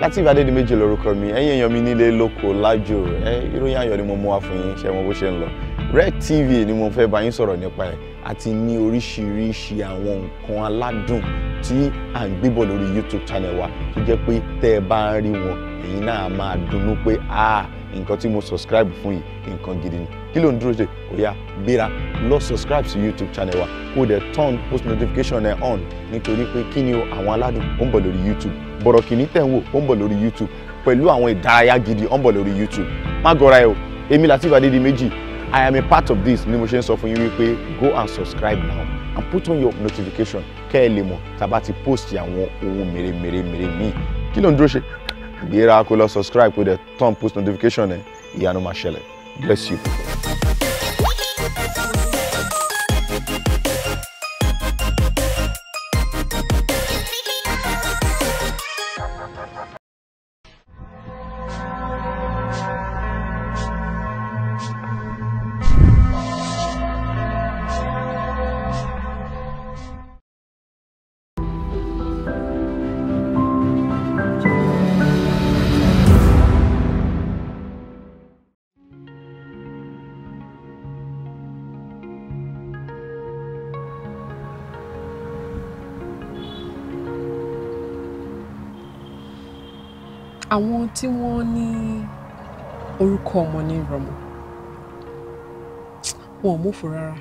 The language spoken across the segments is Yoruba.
Lateef Adédìméjì lorúkọ mi ẹ̀yin èèyàn mi nílé lóko lájò ẹ ìròyìn ayọ̀ ni mo mú wá fún yín ṣe mọ̀ bó ṣe ń lọ Rec TV ni mo fẹ́ bá yín sọ̀rọ̀ nípa ẹ̀ àti ní oríṣiríṣi àwọn nǹkan aládùn tí à ń gbébọ̀ lórí YouTube channel wa tó jẹ́ pé tẹ́ ẹ bá ń rí wọn ẹ̀yin náà máa dunnú pé ah, nǹkan tí mo subscribe fún yìí nǹkan gidi ni kí ló ń dúró ṣe ó gbéra lọ subscribe sí youtube channel wa kó o dẹ̀ turn post notification ẹ̀ on nítorí pé kí ni o àwọn aládùn ó ń bọ̀ lórí youtube bọ̀rọ̀ kìíní tẹ̀ ń wò ó ń bọ̀ lórí youtube pẹ̀lú àwọn ìdárayá gidi ó ń bọ̀ lórí youtube má gọra ẹ o èmi Lateef Adédìméjì i am a part of this ni mo ṣe ń sọ fún yín wípé go and subscribe now and put on your notification kẹ́ ẹ lè mọ̀ tàbá ti post àwọn ohun mèremèremère míì kí ló ń dúró ṣe gbéra kó lọ subscribe kó dẹ̀ turn post notification ẹ̀ ìyanu máa ṣẹlẹ̀. Bless you. tí wọ́n ní orúkọ ọmọ ní ìrọ̀mọ́ wọn ò mọ̀fọ́ rárá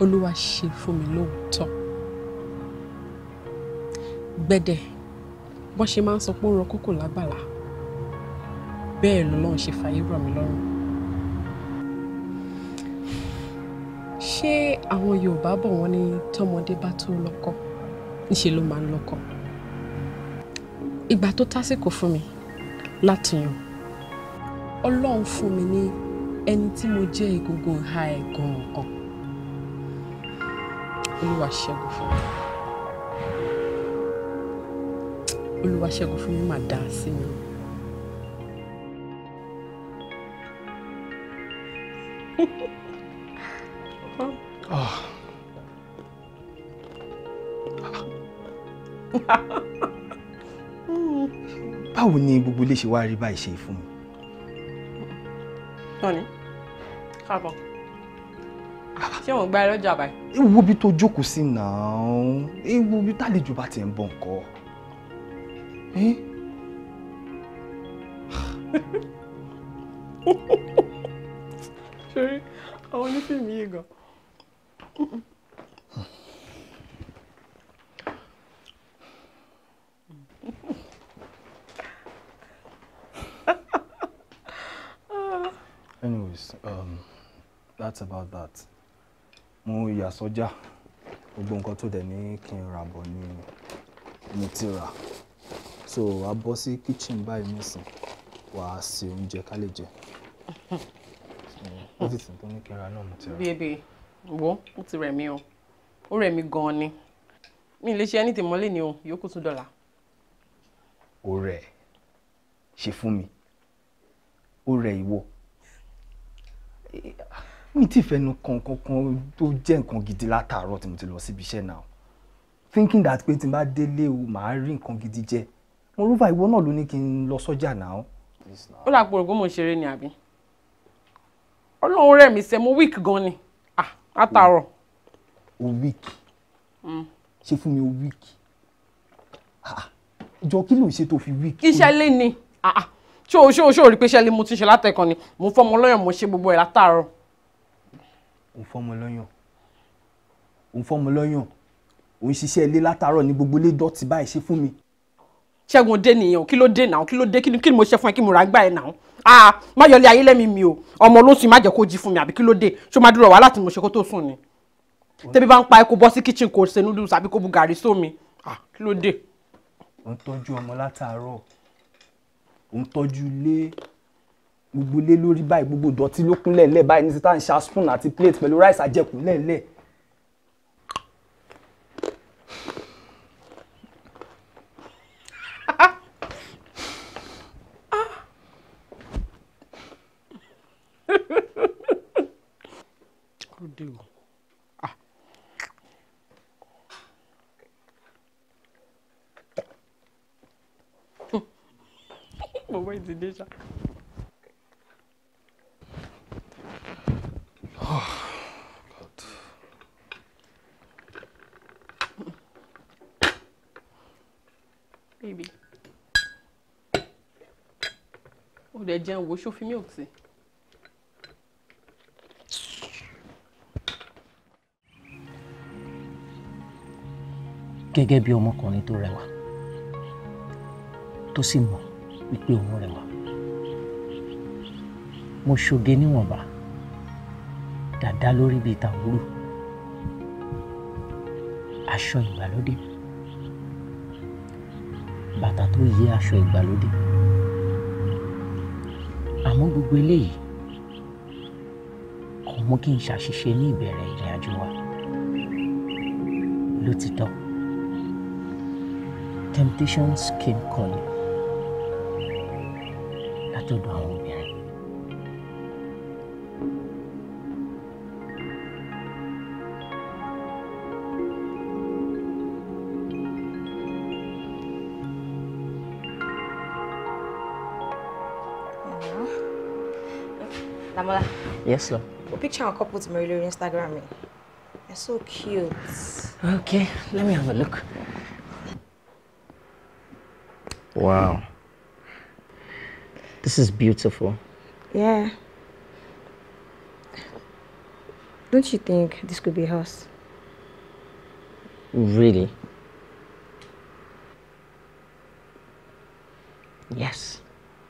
olúwa ṣe fún mi lóòótọ́ gbẹ̀dẹ̀ bọ́n ṣe máa ń sọ pé ó rọ kókò lágbàlá bẹ́ẹ̀ lọ́lọ́run ṣe fàyè rọ̀ mí lọ́rùn ṣé àwọn yorùbá bọ̀ wọ́n ní tọmọdé bá tó lọ́kọ níṣẹ́ ló máa ń lọ́kọ ìgbà tó tásìkò fún mi láti yàn ọlọ́run fún mi ní ẹni tí mo jẹ́ egungun ha ẹ̀ gan-an olúwa ṣẹ́gun fún mi olúwa fún mi mà dá sí mi. Oh. báwo ni gbogbo ilé ṣe wá rí báyìí ṣe fún mi. tọ́ni káàbọ̀ ah. ṣé wọ́n gba ẹ lọ́jà báyìí. ewu bí tó jókòó sí náà ewu bí tálejò bá ti ń bọ̀ nǹkan. ṣé àwọn onífìmù yìí gan anyways um, that's about that mo ya sọ́jà gbogbo nǹkan tó dẹ̀ ní kí n rà ni mo so a bọ́ sí kitchen báyìí nísìn wàá ṣe oúnjẹ ká lè jẹ everything tó ní kí n rà náà mo ti rà. wo ó ti rẹ̀ mí o ó gan ni mi ì lè ṣe anything mọ́lẹ̀ ni o yòókù tún dọ́là. o rẹ̀ ṣe fún mi o rẹ̀ ìwọ mi ti fẹnu kan kankan tó jẹ́ nǹkan gidi látàárọ̀ tí mo ti lọ síbi iṣẹ́ náà thinking that pé tí n bá délé o màá rí nǹkan gidi jẹ mo rúfà ìwọ náà ló ní kí n lọ sọ́jà náà. ó dà pé òrògbó mo ṣeré ni àbí ọlọ́run rẹ̀ mi sẹ́ mo weak gan ni ah, látàárọ̀. o weak mm. ṣe fún mi o weak ah, ah. jọ kí ló ṣe tó fi weak. iṣẹ́ lé ni ah, ṣé o ṣé o ṣé o rí pé ṣẹ́lí mo ti ṣe látẹ̀kàn ni mo fọ́mọ lọ́yàn mo ṣe gbogbo ẹ̀ látàárọ̀. òun fọ́mọ lọ́yàn òun fọ́mọ lọ́yàn òun ṣiṣẹ́ ilé látàárọ̀ ní gbogbo ilé dọ̀tí báyìí ṣe fún mi. ṣẹ́gun dé nìyẹn kí ló dé náà kí ló dé kí ni mo ṣe fún ẹ kí mo rà gbà ẹ náà a má yọlé ayé lẹ́mi mi o ọmọ ló sùn má jẹ́ kó jí fún mi àbí kí ló dé ṣó má dúró wá láti mo ṣe kó tó sùn ni tẹ́bí bá ń pa ẹ bọ́ sí kitchen kó ṣe noodles àbí kó bu gàrí sómi kí ló dé. ó ń tọ́jú ọmọ látàárọ̀ ò ń tọ́jú ilé gbogbo ilé lórí báyìí gbogbo ìdọ̀tí ló kún lẹ́ẹ̀lẹ́ báyìí ní ti tá à ń ṣa spoon àti plate pẹ̀lú rice àjẹkù lẹ́ẹ̀lẹ́ ó dé Bàbá yìí ti dé ṣá. Baby. Ó dẹ̀ jẹun wo ṣófin mi ò tí. gẹ́gẹ́ bí ọmọkùnrin tó rẹwà tó sì mọ̀ wípé òun rẹwà mo ṣoge níwọ̀nba dàda lórí bíi tàwúrò aṣọ ìgbàlódé bàtà tó yẹ aṣọ ìgbàlódé àmọ́ gbogbo eléyìí kò mú kí n ṣàṣìṣe ní ìbẹ̀rẹ̀ ìrìn àjò wa lótìtọ́ temptations came calling. látọ̀dọ̀ àwọn obìnrin. Lamola. Yes, love. A picture of a couple to marry on Instagram. They're so cute. Okay, let me have a look. Wow. This is beautiful. Yeah. Don't you think this could be us? Really? Yes.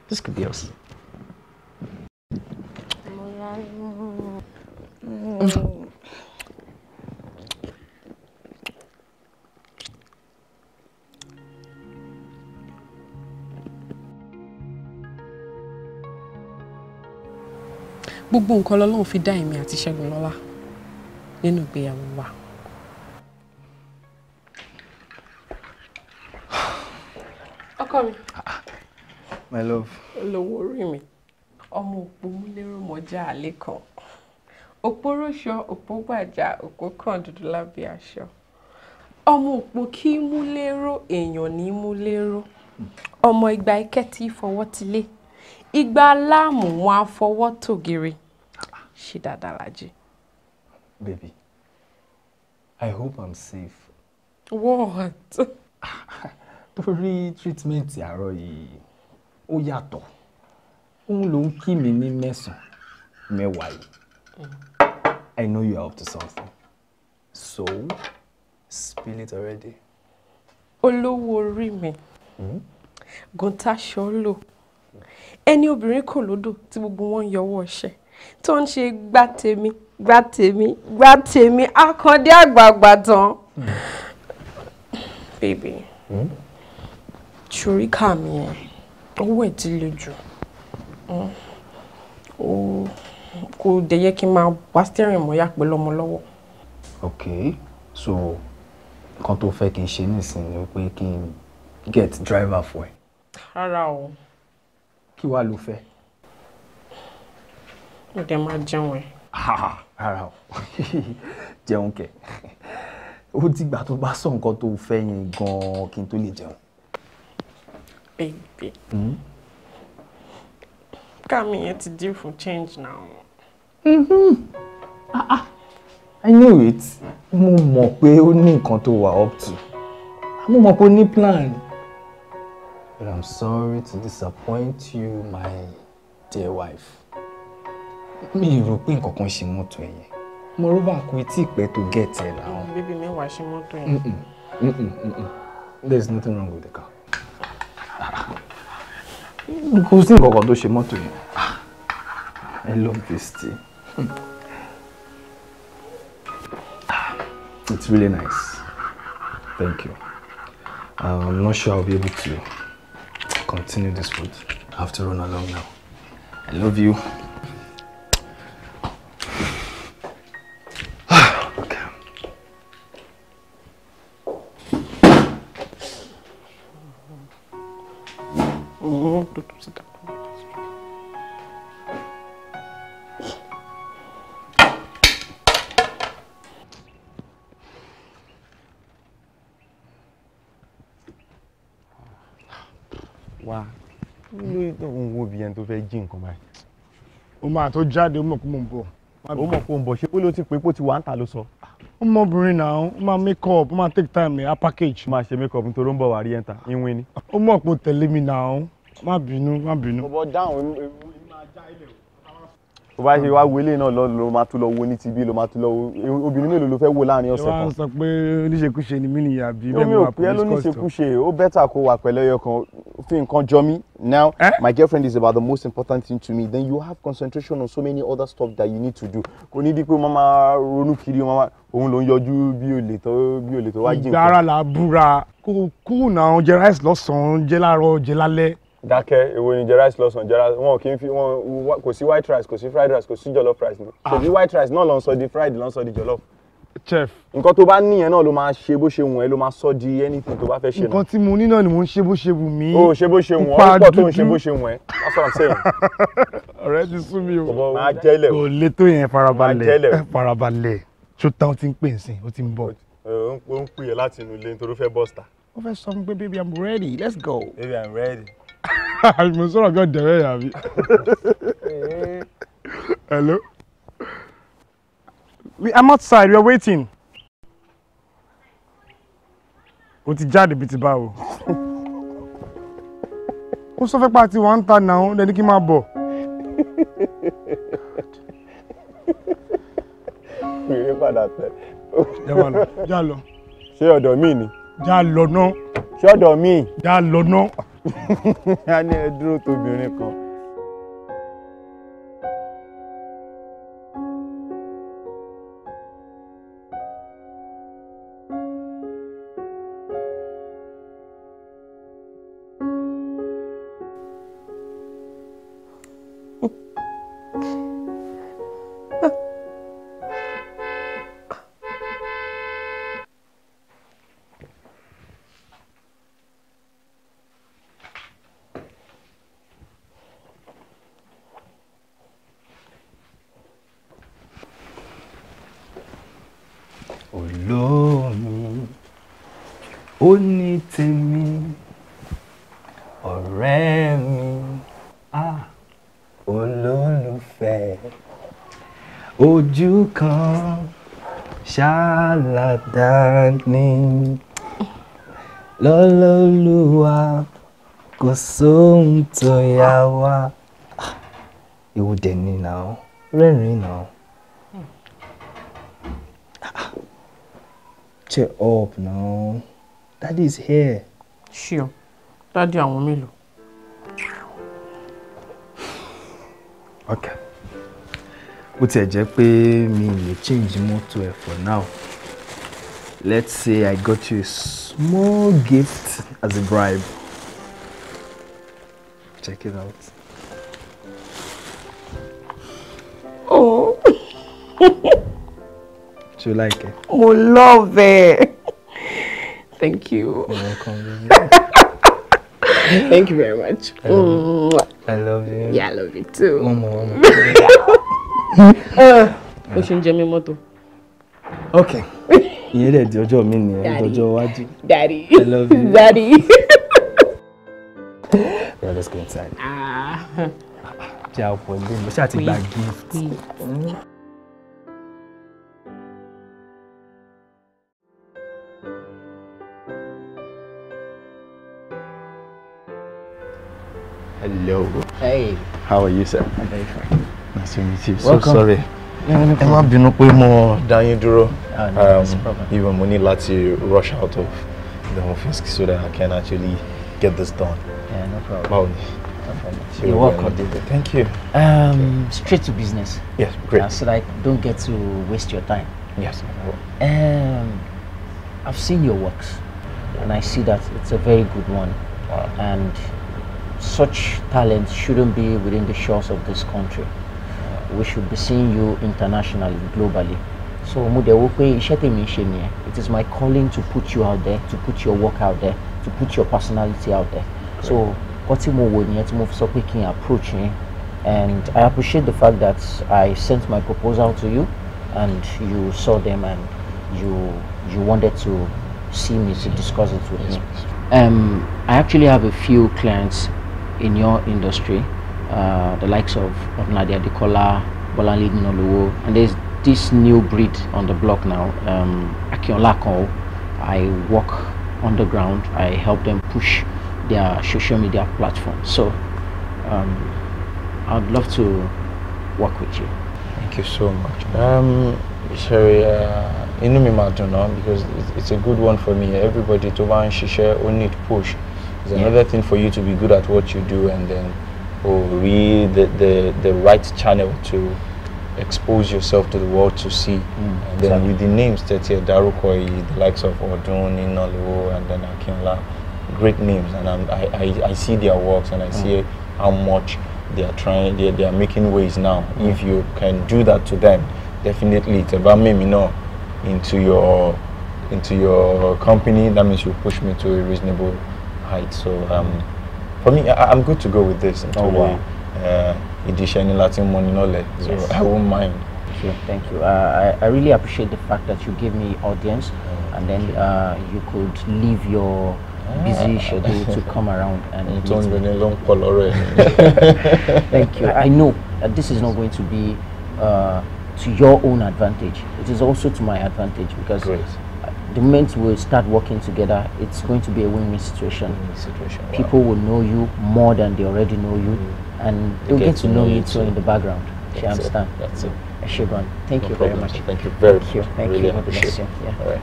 This could be us. gbogbo nǹkan lọ́lọ́run fi dá èmi àti Ṣẹ́gun lọ́lá nínú ìgbéyàwó wa. ọkọ mi. my love. olówó orí mi ọmọ òpó múlẹ́rọ̀ mọ́jà àlẹ́ kan òpó rọ́ṣọ òpó gbàjà òpó kan dúdú lábẹ́ aṣọ ọmọ òpó kí mú èèyàn ní mú ọmọ ìgbà ikẹ́ tí fọwọ́ ti lé ìgbà láàmú wọn á fọwọ́ tògèrè ṣe dáadáa lájì. baby i hope i'm safe. what. torí treatment àárọ̀ yìí ó yàtọ̀ òun ló ń kí mi ní mẹ́sàn-án mẹ́wàá yìí i know you are up to something so spill it already. olówó orí mi gòńtà hmm? ṣọ́ lò ẹni obìnrin kò lódò tí gbogbo wọn ń yọwọ́ tó ń ṣe gbá tèmi gbá tèmi gbá tèmi akande àgbààgbà tán. baby hmm? ṣoríkà mi ẹ owó ẹ ti le jù hmm. kò dẹ̀ yẹ kí n máa wá steering mọ́yà pẹ̀lú ọmọ lọ́wọ́. ok so nǹkan tó fẹ́ kí n ṣe nísìnyí ni pé kí n get driver for ẹ. rárá o. kí wàá lo fẹ́ ó dẹ̀ jẹun ẹ̀. rárá o jẹun kẹ ó dìgbà tó bá sọ nǹkan tó fẹ́ yẹn gan kí n tó lè jẹun. baby hmm? káàmì yẹn ti dí fún change now. hmm ah, ah, I knew it mo mọ̀ pé ó ní nǹkan tó wà up to mo mọ̀ pé ó ní plan. But I'm sorry to disappoint you, my dear wife mi ì rò pé nǹkan kan ṣe mọ́tò ẹ̀ yẹn mo rò bá kó etí ìpẹ́ tó gẹ̀ẹ́tì ẹ̀ láwọn. bíbí mi wàá ṣe mọ́tò yẹn. there is nothing wrong with the car. kò sí nǹkan kan tó ṣe mọ́tò yẹn. I love this tea. It's really nice. Thank you. Uh, I'm not sure I'll be able to continue this food. I have to run along now. I love you. nǹkan báyìí. ó máa jáde ó mọ̀ pé mò ń bọ̀. ó mọ̀ ṣé ló ti pé ti wà ń ta ló sọ. ó mọ obìnrin náà máa make up ó máa take time ma a package. ó máa ṣe make up nítorí ń rí ìwín ni. ó mọ̀ pé ma tẹ̀lé mi náà má bínú má bínú. dáhùn máa já tó bá ṣe wá wo eléyìí náà lọ ló máa tún lọ wo ní tibí ló máa tún lọ wo obìnrin mélòó ló fẹ́ wò láàrin ọ̀sẹ̀ kan. wọ́n sọ pé oníṣekúṣe ni mí nìyà bí bẹ́ẹ̀ mi wà pé ó níṣekúṣe ó bẹ́tà kó wà pẹ̀lú ẹyọ kan fi nǹkan jọ mí. now eh? my girlfriend is about the most important thing to me then you have concentration on so many other stuff that you need to do kò ní di pé mama ronú kiri mama òun ló ń yọjú bí olè tó bí olè tó wá jí nǹkan. ìgbára làbúra kó kúrò dákẹ́ èwo ni jẹ rice lọ́sàn jẹ rice wọn kì í fi wọn kò sí white rice kò sí fried rice kò sí jollof rice ni kò ah. sí white rice náà ló ń sọ di fried ló ń sọ di jollof. chef nǹkan tó bá níyẹn náà ló máa ṣe bó ṣe wù ẹ́ ló máa sọ di anything tó bá fẹ́ ṣe náà. nǹkan tí mo ní náà ni mo ń ṣe bó ṣe wù mí. o ṣe bó ṣe wù ọ́ ó pọ̀ tó ń ṣe bó ṣe wù ẹ́ that's what i'm saying. ọ̀rẹ́ ti sún mi o. máa jẹ́ ilẹ̀ o. kò le tó yẹn farabalẹ̀ farabalẹ̀ ṣó tán ó ti ń pè ń sìn ó ti ń bọ̀. ó ń pè é láti inú ilé nítorí ó fẹ́ bọ́sta. ó fẹ́ sọ fún pé baby i'm ready let's go. baby i'm ready mo sọ̀rọ̀ dẹ̀rẹ́ yà mí. hello. we are outside we are waiting. o ti jáde bíi ti báwo. ó sọ fẹ́ pa àti wọ́n ń ta náà lẹ́ni kí n máa bọ̀. fèrè padà tẹ. já lọ. ṣé ọ̀dọ̀ mi ni. já lọ náà. ṣé ọ̀dọ̀ mi. já lọ náà. a ní ẹ dúró tóbìnrin kan. kò sóhun tó yá wá ewu dẹ̀ ni náà rẹ́rìn-ín náà cheer up now daddy is here. sure daddy àwọn mélòó. okay bó tiẹ̀ jẹ́ pé mi lè change mọ́tò ẹ̀ for now let's say I got you a small gift as a bribe. Check it out. Oh. Do you like it? Mo oh, love it. Thank you. You're welcome. Thank you very much. I love, mm. I love you. Yeah, I love you too. One more, one more. O ṣe Okay. Ìyẹn dẹ̀ di ọjọ́ mi Daddy. I love you. Daddy let's go inside. Ah. jẹ́ àpò ilé mo ṣáà ti gba gift. Hello. Hey. How are you, sir? I'm very fine. Nice to meet you. So Welcome. sorry. Ẹ má bínú pé mo dá ah, No um, problem. Even mo ní láti rush out of the office so that I can actually get this done. Yeah, no problem. no problem. You're welcome. Thank you. Um, straight to business. Yes, great. Uh, so that I don't get to waste your time. Yes. Um, I've seen your works, and I see that it's a very good one. Wow. And such talent shouldn't be within the shores of this country. We should be seeing you internationally, globally. So It is my calling to put you out there, to put your work out there, to put your personality out there so nǹkan tí mo wò nìyẹn tí sọ quickly kí approach eh? and I appreciate the fact that I sent my proposal to you and you saw them and you you wanted to see me to discuss it with me. Um, I actually have a few clients in your industry, uh, the likes of, of Nadia Dikola, Bolanle Nolowo, and there's this new breed on the block now, um, Lako. I work underground. I help them push their social media platform. So um, I'd love to work with you. Thank you so much. Um, you uh, inú because it's a good one for me. Everybody tó buy and share, ó need push. It's another yeah. thing for you to be good at what you do and then or oh, read the, the, the right channel to expose yourself to the world to see. Mm, and then exactly. with the names that here, Darukoi, the likes of Odun, Inoliwo, and then Akinla, great names, and I, I, I see their works and I hmm. see how much they are trying, they, they are making ways now. Hmm. If you can do that to them, definitely it's about me, you know, into your into your company. That means you push me to a reasonable height. So hmm. um, for me, I, am good to go with this. Oh wow. Uh, Latin Moninole, so yes. I won't mind. you. Thank you. Uh, I, I really appreciate the fact that you gave me audience oh, and then uh, you could leave your busy schedule to come around and mm, Thank you. I know that this is not going to be uh, to your own advantage. It is also to my advantage because Great. the moment we start working together, it's going to be a win-win situation. Win situation. Wow. People will know you more than they already know you, mm. and they'll they get, to know, know you too in the background. That's you understand? It. That's it. Shibran, thank no you problem. very much. Thank you very thank much. You. Thank really you. Appreciate Yeah. All right.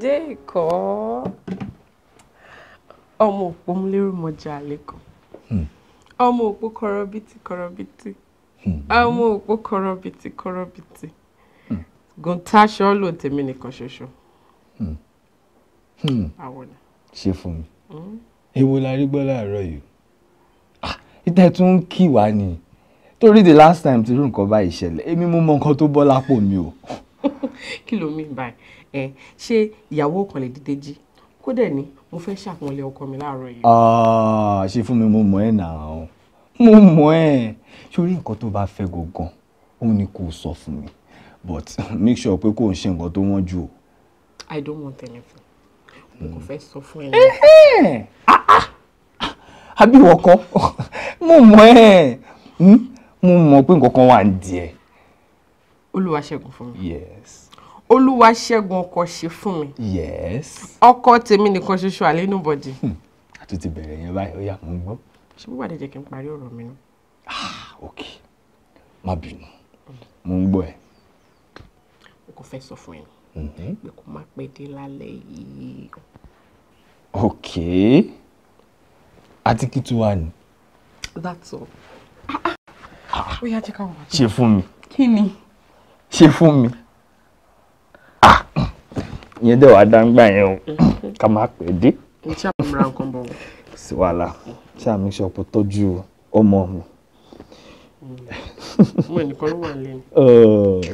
dé ìkọ́ ọmọ òpó múlẹ́rù mọ́jà àlékún hmm. ọmọ òpó kọrọbìtì kọrọbìtì hmm. ọmọ òpó kọrọbìtì kọrọbìtì hmm. gòńtàṣọ ló tèmi nìkan ṣoṣo. ṣe fún mi èwo la rí gbọ́ láàárọ̀ yìí ah, ìtẹ́ tún ń kì wá ni torí the last time tí irú nǹkan báyìí ṣẹlẹ̀ èmi mo mọ nǹkan tó bọ́ lápò mi o. kí ló mean by ẹ ṣé ìyàwó kan lè dìde jí kó dẹ̀ ni mo fẹ́ ṣàpọ́nlé ọkọ mi láàárọ̀ yìí. Ah, ṣe fún mi mo mọ̀ ẹ́ náà mo mọ̀ ẹ́ sórí nǹkan tó bá fẹ́ gangan òun ni kò sọ fún mi but make sure pé kò ń ṣe nǹkan tó wọ́n jù o. I don't want anything mo kò fẹ́ sọ fún ẹ. Ah, ah, àbí ìwọ kọ́ mo mọ̀ ẹ́ hmm? mo mọ̀ pé nǹkan kan wà ń di ẹ. Olúwaṣẹ́gun fún mi. yes. Olúwaṣẹ́gun ọkọ ṣe fún mi. yes. ọkọ tèmi nìkan ṣoṣo àlẹ́ inú bọ̀dì. a tún ti bẹ̀rẹ̀ yẹn báyìí ó yá mú gbọ́. ṣé wíwà dẹ̀ jẹ́ kí n parí ọ̀rọ̀ mi nù. ah ok má bínú mò ń gbọ́ ẹ. o kò fẹ́ sọ fún ẹ mm-hmm. pé kó má pẹ́ dé lálẹ́ yìí. ok àti kí tí wàá ní. that's all. Ah, ah. ó yá jẹ́ ká wọ̀ ṣe fún mi. kí ni. ṣe fún mi ìyẹn dẹ̀ wá dáńgbà yẹn o mm-hmm. ká má pè é dé. sí wàhálà ṣáà mi ṣe ọ̀pọ̀ tọ́jú ọmọ mi. Mm. ọmọ ẹnìkan ló wà lẹ́nu.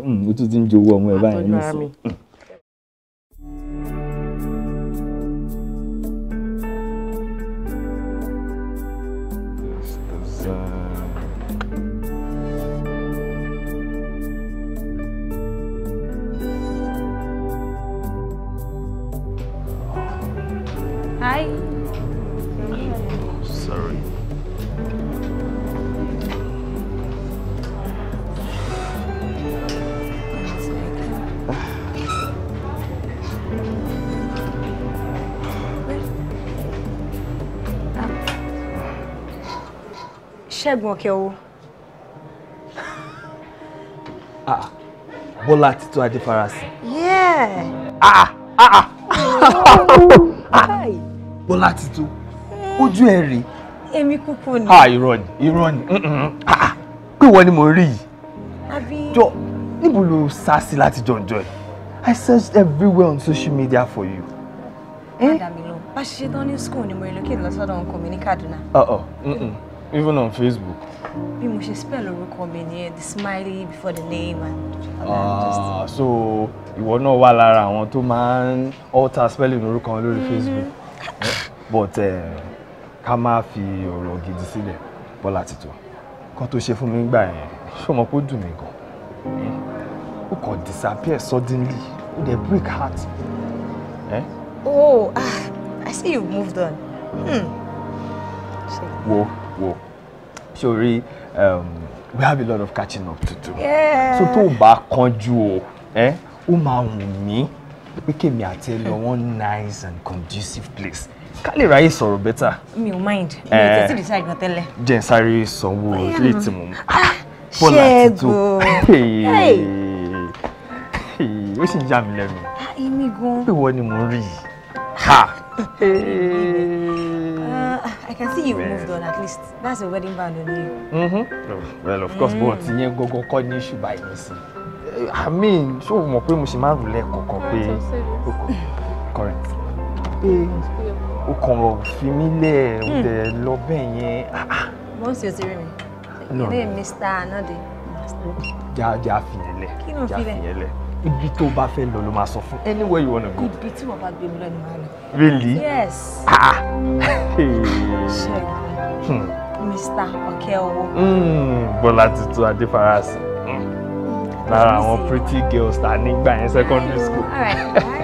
Mm, ó tún ti ń jowó ọmọ ẹ báyìí nísìnyí. Hi. I'm sorry. Ṣẹ́gun ọ̀kẹ́ owó. Ah, ah, Bọ́lá Títọ́ Adéfarasin. Yeah. Ah, ah, ah. Oh. Bọ́lá ti tó ojú ẹ̀ rèé. èmi kúkú ni. ah irọ́ ni irọ́ ni ah, ah. pé wọ́n ni mo rí yìí. àbí. jọ níbo lo sá sí láti jọjọ ẹ I searched everywhere on social media for you. padà eh? mi lọ bá ṣe tán ní school ni mo relocate lọ sọ́dọ̀ nǹkan mi ní Kaduna. even on Facebook. bí mo ṣe spell orúkọ mi nìyẹn the smiley before the name and. ah so ìwọ náà wà lára àwọn tó máa ń alter spelling orúkọ wọn lórí mm-hmm. Facebook but eh, ká má fi ọ̀rọ̀ gidi sílẹ̀ bọ́lá ti tó kan tó ṣe fún mi gbà yẹn ṣọmọ kó dùn mí gan eh, ó kàn disappear suddenly ó dẹ̀ break heart. Eh? oh ah, i see you moved on. Hmm. wo wo sori um, we have a lot of catching up to do. Yeah. so tó o bá kánjú o eh, ó máa wù mí pé kèmi àti ẹ lọ one nice and conducive place ká lè ráyè sọ̀rọ̀ bẹ́tà. mi ò mind mi ò eh. tẹ́tí decide to gan tẹ́lẹ̀. jẹ́ n sáré sanwó ilé tí mo ah, ah, hey, hey, àti tó ó sì yà mí lẹ́nu. Ah, èmi gan. pé wọ́n ni Ha. Hey. Uh, I can see you well. moved on at least. That's a wedding band on you. Mm-hmm. Well, of course, mm. but go go call me, she buy me i. I mean, so we must be ṣì máa rù lẹ́ẹ̀kọ̀ọ̀kan pé correct pé o kàn familiar with the lẹ̀ o hmm. dẹ̀ lọ bẹ́ẹ̀ yẹn. mo ń ṣe òsèré Yeah, yeah, Mr. Anode. jà jà fìyẹn lẹ̀ jà fìyẹn lẹ̀ ibi tó o bá anywhere you wanna go. ibi tí wọ́n bá gbé mi lọ ni màá lọ. really. yes. ah. ṣe hmm. Mr. Okeowo. Hmm, Bọ́lá tuntun Adéfarasi lára àwọn pretty girls ta nígbà yẹn secondary school. All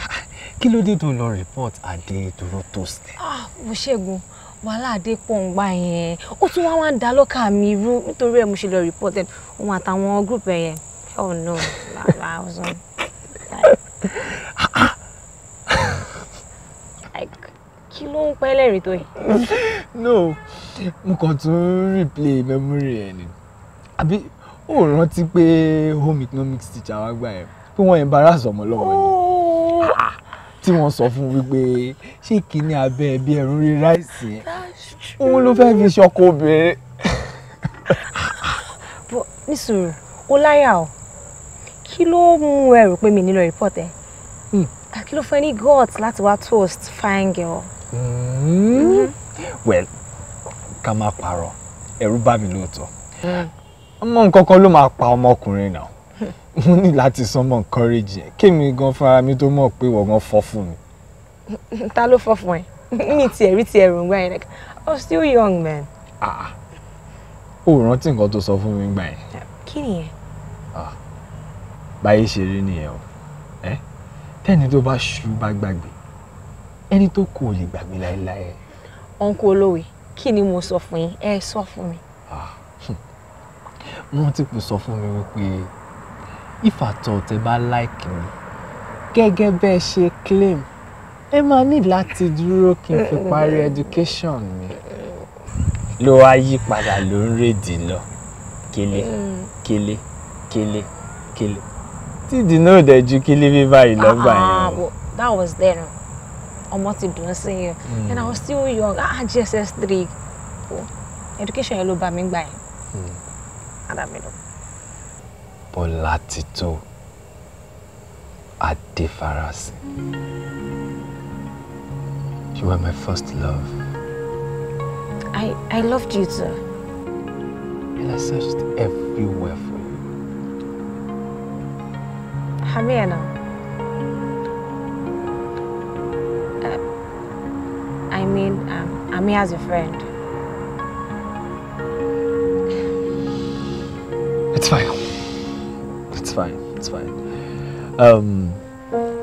kí ló dé tó lọ report adé dúró toast. ah mo ṣẹ́gun wàhálà adé pọ̀ ń gbà yẹn ó tún wá wá ń da lọ́kà mi rú nítorí ẹ̀ mo ṣe lọ report ẹ̀ òun àtàwọn group ẹ̀ yẹn. Oh no, I Like, kí ló ń pẹ́ lẹ́rìí tó yìí? No, mo kàn tún replay memory ẹ̀ ni. Àbí ó rántí pé home economics teacher wa gbà ẹ̀ pé wọ́n embarrass ọmọ lọ́wọ́ ni. Oh. Tí wọ́n sọ fún wípé ṣé kíní abẹ́ ẹbí ẹ̀rún rí ráìsì yẹn? Òun ló fẹ́ fi ṣọkọ obìnrin. Nísòro, ó láyà o kí ló mú ẹ rò pé mi nílò report ẹ hmm. kí ló fún ẹ ní guts láti wá toast fine girl. Hmm. Mm-hmm. well ká máa parọ́ ẹ̀rù bá mi lóòótọ́ hmm. ọmọ nǹkan kan ló máa pa ọmọkùnrin náà mo ní láti sọmọ encourage ẹ kémi gan fúnra mi tó mọ̀ pé wọ́n gan fọ́ fún mi. ta ló fọ́ fún ẹ ní tiẹ̀ rí tiẹ̀ rògbà yẹn like I'm still young man. ó ah, ah. rántí nǹkan tó sọ fún mi gbà yẹn. kí nìyẹn. Ah báyé ṣe rí nìyẹn o ẹ tẹ́ni tó bá ṣu bá gbàgbé ẹni tó kù ò lè gbàgbé láéláé. ọ̀nkú olówe kí ni mo sọ fún yín ẹ sọ fún mi. wọ́n ti kù sọ fún mi wípé ìfàtọ̀ tẹ bá láìkì mi gẹ́gẹ́ bẹ́ẹ̀ ṣe claim ẹ máa ní láti dúró kí n fi parí education mi ló wá yí padà ló ń rèdí lọ kélé mm. kélé kélé kélé tí dìnnà ò dẹ̀ ju kí lífi báyìí lọ́gbà ah, ah, yẹn. Ah, that was then almost ti dùn sí hmm. and i was still young ah JSS three oh, education yẹn ló bá mi gbà I hmm. adamido. bọ́lá ti tó adé farasin you were my first love. I I loved you too. And I searched everywhere for I Uh, I mean, um, as a friend. It's fine. It's fine. It's fine. Um,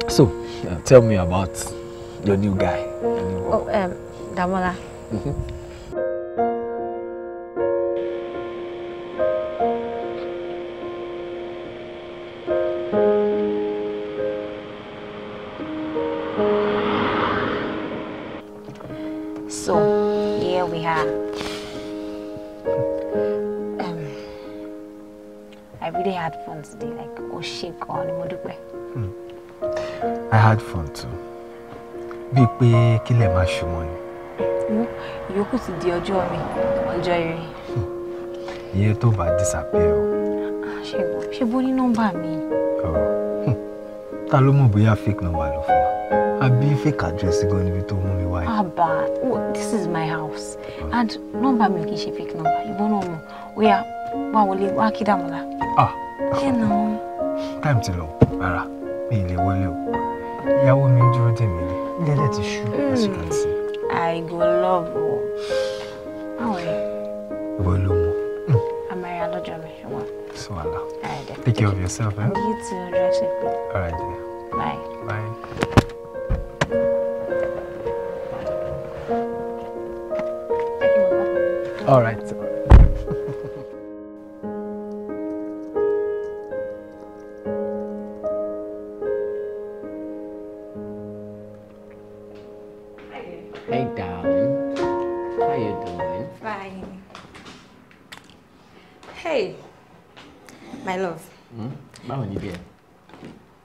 so, uh, tell me about your new guy. Your new oh, um, Damola. Mm -hmm. wa ni mo dúpẹ́. Hmm. I had fun too. Bíi pé kílẹ̀ máa ṣùmọ̀ ni. Hmm. Ìyókù ti di ọjọ́ mi, ọjọ́ eré. Hmm. Iye tó bá disappear o. Ah, ṣé bó ní nọ́mbà mi? Oh. Ta ló mọ̀ bóyá fake number ló fún wa? Àbí fake address gan níbi tó mú mi wáyé? Àbá, ah, oh, this is my house oh. and nọ́mbà mi ò kì í ṣe fake number. Ìbọn náà mọ̀, ó yá wá wọlé wá kí Dàmọ́lá. Ah. You time ti lọ rárá mi ì lè wọlé o ìyàwó mi ń dúró dè mí ni ilé ti ṣú as you can see. I go love o. Báwo ni? Ìwọ ló mọ. Hmm. Amẹ́rẹ́ alọ́jọ́ mi ṣùgbọ́n. Sọ wàhálà. Take care of yourself. Eh? You too, dress up. All right, dear. Bye. Bye. All right.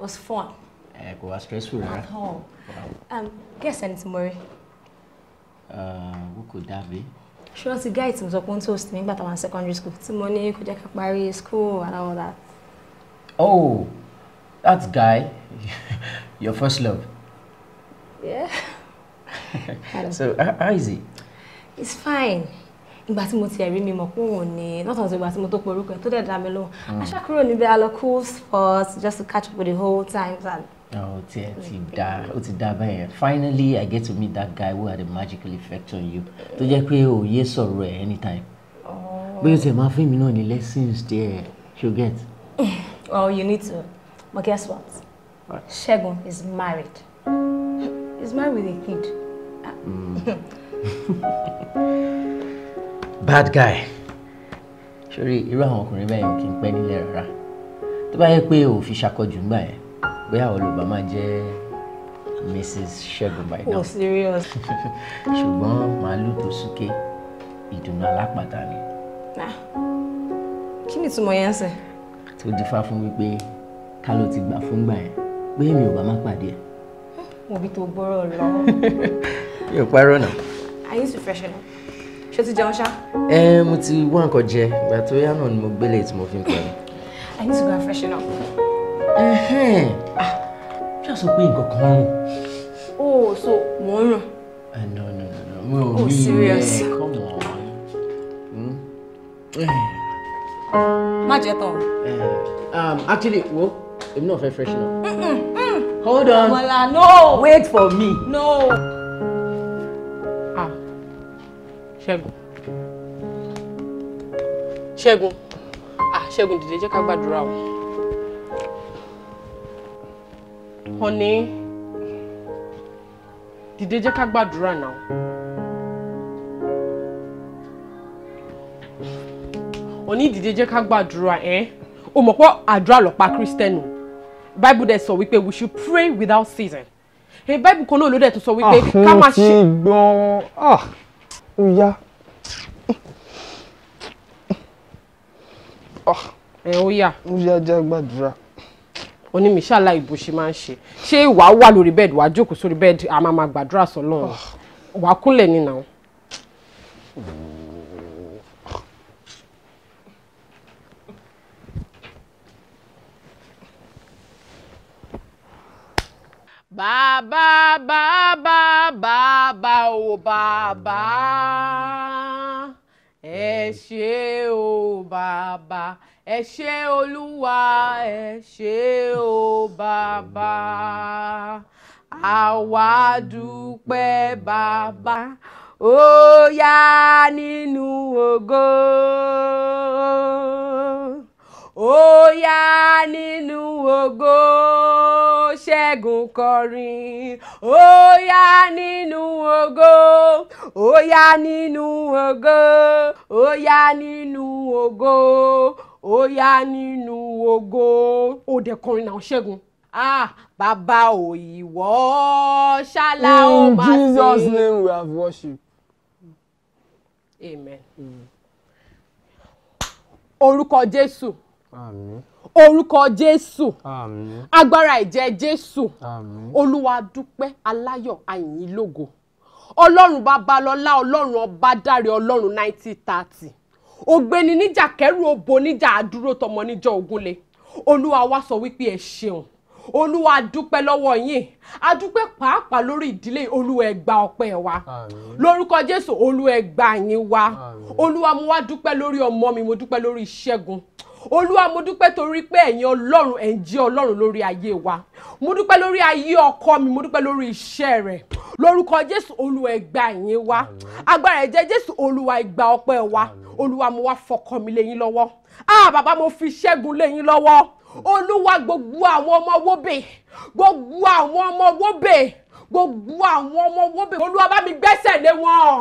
was fun. ẹ kò wá stressful rárá. at all um, guess ẹni tí mo rí. Uh, wọ́n kò dàbí. ṣùgbọ́n ti guy tí mo sọ pé ó ń toast mi nígbà táwọn secondary school tí mo ní kò jẹ́ ká parí school and all that. oh that guy your first love. yeah. so how, how is he. he's fine ìgbà tí mo ti ẹ̀rí mi mọ̀ pé òun ni lọ́tọ̀ tó ìgbà tí mo tó pe orúkọ ẹ̀ tó dẹ̀ dá mi lóhùn hmm. aṣá kúrò níbẹ̀ a cool sports just to catch up with the whole time plan. Oh, ah, ti ti da, o ti da bẹ́ẹ̀. Finally, I get to meet that guy who had a magical effect on you. Tó jẹ́ pé o yé sọ̀rọ̀ ẹ̀ anytime. Oh. Bóyá o ti máa fún mi náà ní lessons there, you get. Well, you need to. But guess what? What? is married. Is married with a kid. Mm. bad guy sórí irú àwọn ọkùnrin bẹ́ẹ̀ yẹn kì í pẹ́ nílẹ̀ rárá tó bá yẹ pé ò fi ṣàkọjù ńgbà yẹn bóyá olùbá máa jẹ́ Mrs. Ṣẹ́gun by now. oh serious. ṣùgbọ́n màálù tó súnké ìdùnnú alápàtà ni. Ah. kí ni ìtumọ̀ yẹn sẹ́? tó dífá fún wípé ká ló ti gbà fún gbà yẹn pé èmi ò bá má pàdé ẹ̀. mo bí tó gbọ́rọ̀ lọ. mi parọ́ náà. I use to ṣé ti jẹun ṣá. ẹ mo ti wá nǹkan jẹ ìgbà tó yá náà ni mo gbélé tí mo fi ń pẹ̀lú. I need to go and freshen up. ẹhẹ́n ah bí a sọ pé nǹkan kan rùn. oh so mo ń rùn. Ah, no no no no mi ò rí ilé ẹ come on. Hmm? má jẹ tán. Eh, um, actually wo èmi náà fẹ́ fresh now. Mm -mm, mm. hold on. wàlá no. wait for me. no. ṣẹ́gun ṣẹ́gun ah ṣẹ́gun dìde jẹ́ ká gbàdúrà o honey dìde jẹ́ ká gbàdúrà náà. òní dìde jẹ́ ká gbàdúrà ẹ́ eh? o mọ̀ pé àdúrà lọ́pàá kírísítẹ́nù bible dẹ̀ sọ wípé we should pray without season. ẹ eh, bible kan náà ló dẹ̀ tún sọ wípé ah, ká má ṣe. àti gbọ́n ah ó yá. Ah. ẹ ó yá. ó yá Oni gbàdúrà onímìsàlá ìbò ṣe máa ń ṣe ṣé ìwà wà lórí bẹ́ẹ̀dì wàá jókòó sórí bẹ́ẹ̀dì a máa máa gbàdúrà sọ́lọ́run ah. wàá kúnlẹ̀ nínà. Bàbá bàbá bàbá o bàbá ẹ ṣé o bàbá ẹ ṣé Olúwa ẹ ṣé o bàbá àwa dúpẹ́ bàbá ó yá nínú ògo ó yá nínú ògo ṣẹ́gun kọrin ó yá nínú ògo ó yá nínú ògo ó yá nínú ògo ó yá nínú ògo ó dẹ̀ kọrin náà ṣẹ́gun ah bàbá òyìnbó ṣálá ó máa ṣe. in Jesus name we have worship. amen. Mm. orúkọ Jésù orúkọ jésù àmín agbára ìjẹ jésù àmín olúwa dúpẹ́ aláyọ̀ àyìn lógo ọlọ́run babalọ́lá ọlọ́run ọba dáre ọlọ́run náìtì tààtì ògbéni níjà kẹrù òbò níjà àdúró tọmọ níjọ ògúnlé olúwa wá sọ wípé ẹ ṣeun olúwa dúpẹ́ lọ́wọ́ yín adúpẹ́ pàápàá lórí ìdílé olúwa ẹ gba ọpẹ́ wa lórúkọ jésù olúwa ẹ gba yín wa olúwa mo wá dúpẹ́ lórí ọmọ mi mo dúpẹ́ lórí ìṣẹ́gun olúwa mo dúpẹ́ torí pé ẹ̀yin ọlọ́run ẹ̀ ń jẹ́ ọlọ́run lórí ayé wa mo dúpẹ́ lórí ayé ọkọ mi mo dúpẹ́ lórí iṣẹ́ rẹ̀ lórúkọ jésù olúwa yín wa agbára ẹ̀jẹ̀ jésù olúwa ẹ ọpẹ́ wa olúwa mo wá fọkọ mi lé yín lọ́wọ́ ah bàbá mo fi ṣẹ́gun lé yín lọ́wọ́ olúwa gbogbo àwọn ọmọ wóbè gbogbo àwọn ọmọ wóbè gbogbo àwọn ọmọ owó bèbè olúwa bá mi gbẹ́sẹ̀ lé wọn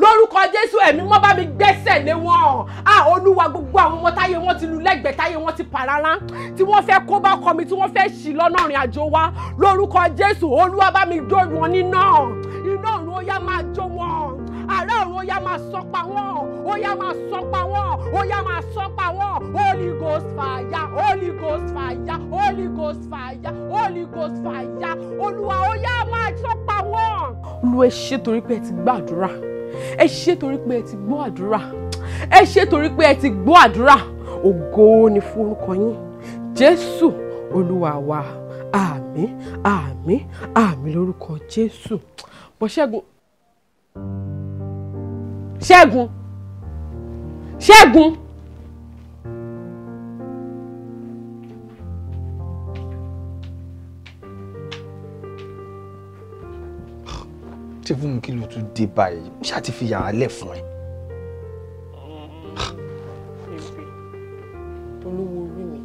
lórúkọ jésù ẹ̀mí mọ́ bá mi gbẹ́sẹ̀ lé wọn a olúwa gbogbo àwọn ọmọ táyé wọn ti lu lẹ́gbẹ̀ẹ́ táyé wọn ti parara tí wọ́n fẹ́ kó bá ọkọ mi tí wọ́n fẹ́ ṣì lọ́nà ìrìn àjò wa lórúkọ jésù olúwa bá mi dóòlù wọn níná iná òun ó yá máa jó wọn ará ọ̀run ó yá máa sọpa wọ́n ó yá máa sọpa wọ́n ó yá máa sọpa wọ́n holy ghost fàyà holy ghost fàyà holy ghost fàyà holy ghost fàyà olúwa ó yá máa sọpa wọ́n. olúwa ẹ ṣé torí pé ẹ ti gbàdúrà ẹ ṣé torí pé ẹ ti gbọ́ àdúrà ẹ ṣé torí pé ẹ ti gbọ́ àdúrà ògo ni fún orúkọ yín jésù olúwa wa àmín àmín àmín lórúkọ jésù bọ́ṣẹ́gun ṣẹ́gun ṣẹ́gun. ṣé fún mi kí ló tún dé báyìí mo ṣáà ti fi yàrá lẹ̀ fún ẹ. olówó orí mi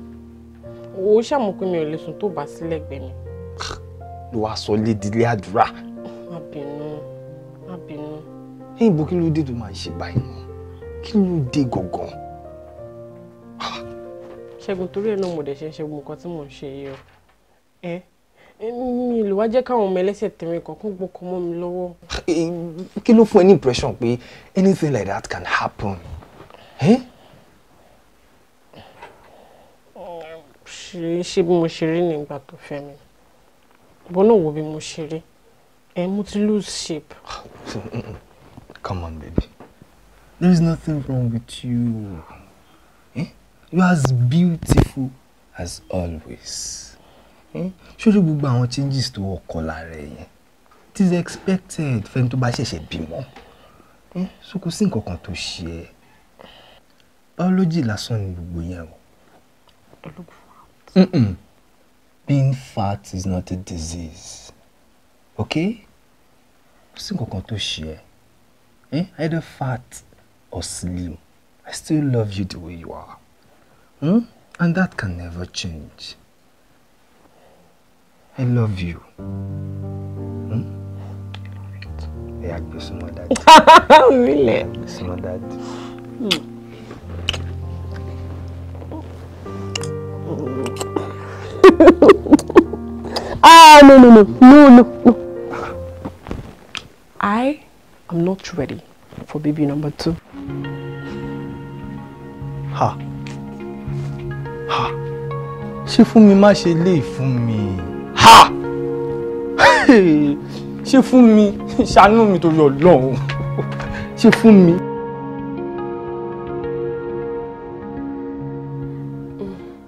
owó ṣàmùkú mi ò lè sùn tó bá sílẹ̀ gbẹ̀mí. ló wàá sọ lédìlé àdúrà. Ìyìnbó kí ló dé tó máa ṣe báyìí mọ́? Kí ló dé gangan? Ṣẹ́gun torí ẹ̀ náà mo dẹ̀ ṣe ń ṣe gbogbo nǹkan tí mò ń ṣe yìí o. Ẹ mi lè wá jẹ́ káwọn ọmọ ẹlẹ́sẹ̀ tẹ̀rín kan gbọ́kọ̀ mọ́ mi lọ́wọ́. Kí ló fún ẹ ní impression pé anything like that can happen? Eh? ṣe ṣe bí mo ṣe rí nígbà tó fẹ́ mi bọ́nà wo bí mo ṣe rí ẹ mo ti lose shape. Come on, baby. There is nothing wrong with you. Eh? are as beautiful as always. Eh? Ṣórí gbogbo àwọn changes tó ọkọ lára ẹ yẹn. It is expected for fẹ́ni tó bá ṣẹ̀ṣẹ̀ bímọ. Eh? So kò sí nǹkan kan tó ṣe ẹ́. Biology lásán ni gbogbo yẹn o. Mm-mm. Being fat is not a disease. Okay? Kò sí nǹkan kan tó ṣe Eh? Either fat or slim, I still love you the way you are. Hmm? And that can never change. I love you. Hmm? i really? some of that. ah, no, no, no, no, no, no. Ah. I I'm not ready for baby number two. Ha! Ha! Ṣé fún mi má ṣe lè fún mi? Ha! Ṣé fún mi? Ṣàánú mi torí Ọlọ́run. Ṣé fún mi?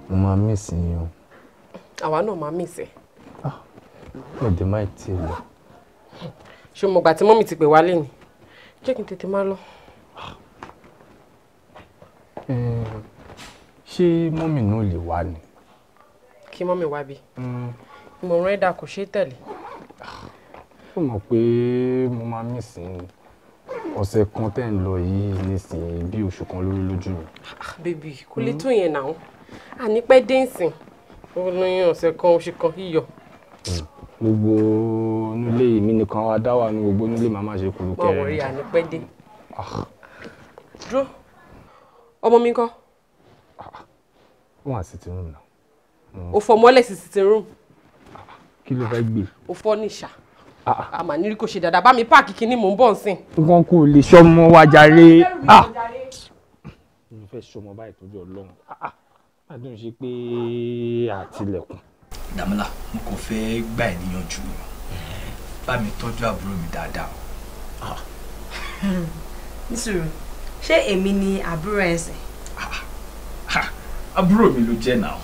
Mo máa mísì ni o. Àwa náà máa mísì. Ọ̀dẹ̀ ah. máa ti lọ ṣé mo gbà tí mọ́mì ti pè wá lé ni jẹ́ kí n tètè máa lọ. Eh, ṣé mọ́mì náà lè wá ni. kí mọ́mì wá bí. Hmm. ìmọ̀ràn ẹ̀dá kò ṣeé tẹ̀lé. ó mọ̀ pé mo máa mí sí i ọ̀sẹ̀ kan tẹ̀ ń lọ yìí nísìnyí bí oṣù kan lórí lójú mi. Ah, bèbí kò lè hmm. tó yẹn náà àní pẹ́ dé ìsìn ó ní ọ̀sẹ̀ kan oṣù kan yíyọ. Hmm gbogbo nílé mi nìkan wa dá wà ní gbogbo nílé màmá ṣe kúrú kẹrẹ. bọ́wọ̀ rí àní pẹ́ dé. Ah. dúró ọmọ mi kọ́. Ah, ah. wọ́n á sitting room náà. o fọ mọ́lẹ̀ sí sitting room. kí ló fẹ́ gbé. o fọ́ ní ìṣà a mà kò ṣe dáadáa bá mi páàkì kínní mò ń bọ̀ nsìn. wọn kò lè sọmọ wa mo fẹ́ sọmọ báyìí tó jọ lọ́run. àdéhùn ṣe pé àtìlẹ̀kùn. Dàmọ́lá mo kàn fẹ́ gbà ẹ́ níyànjú bá mi tọ́jú àbúrò mi dáadáa o. nísòro ṣé èmi ni àbúrò ẹ sìn. àbúrò mi ló jẹ́ náà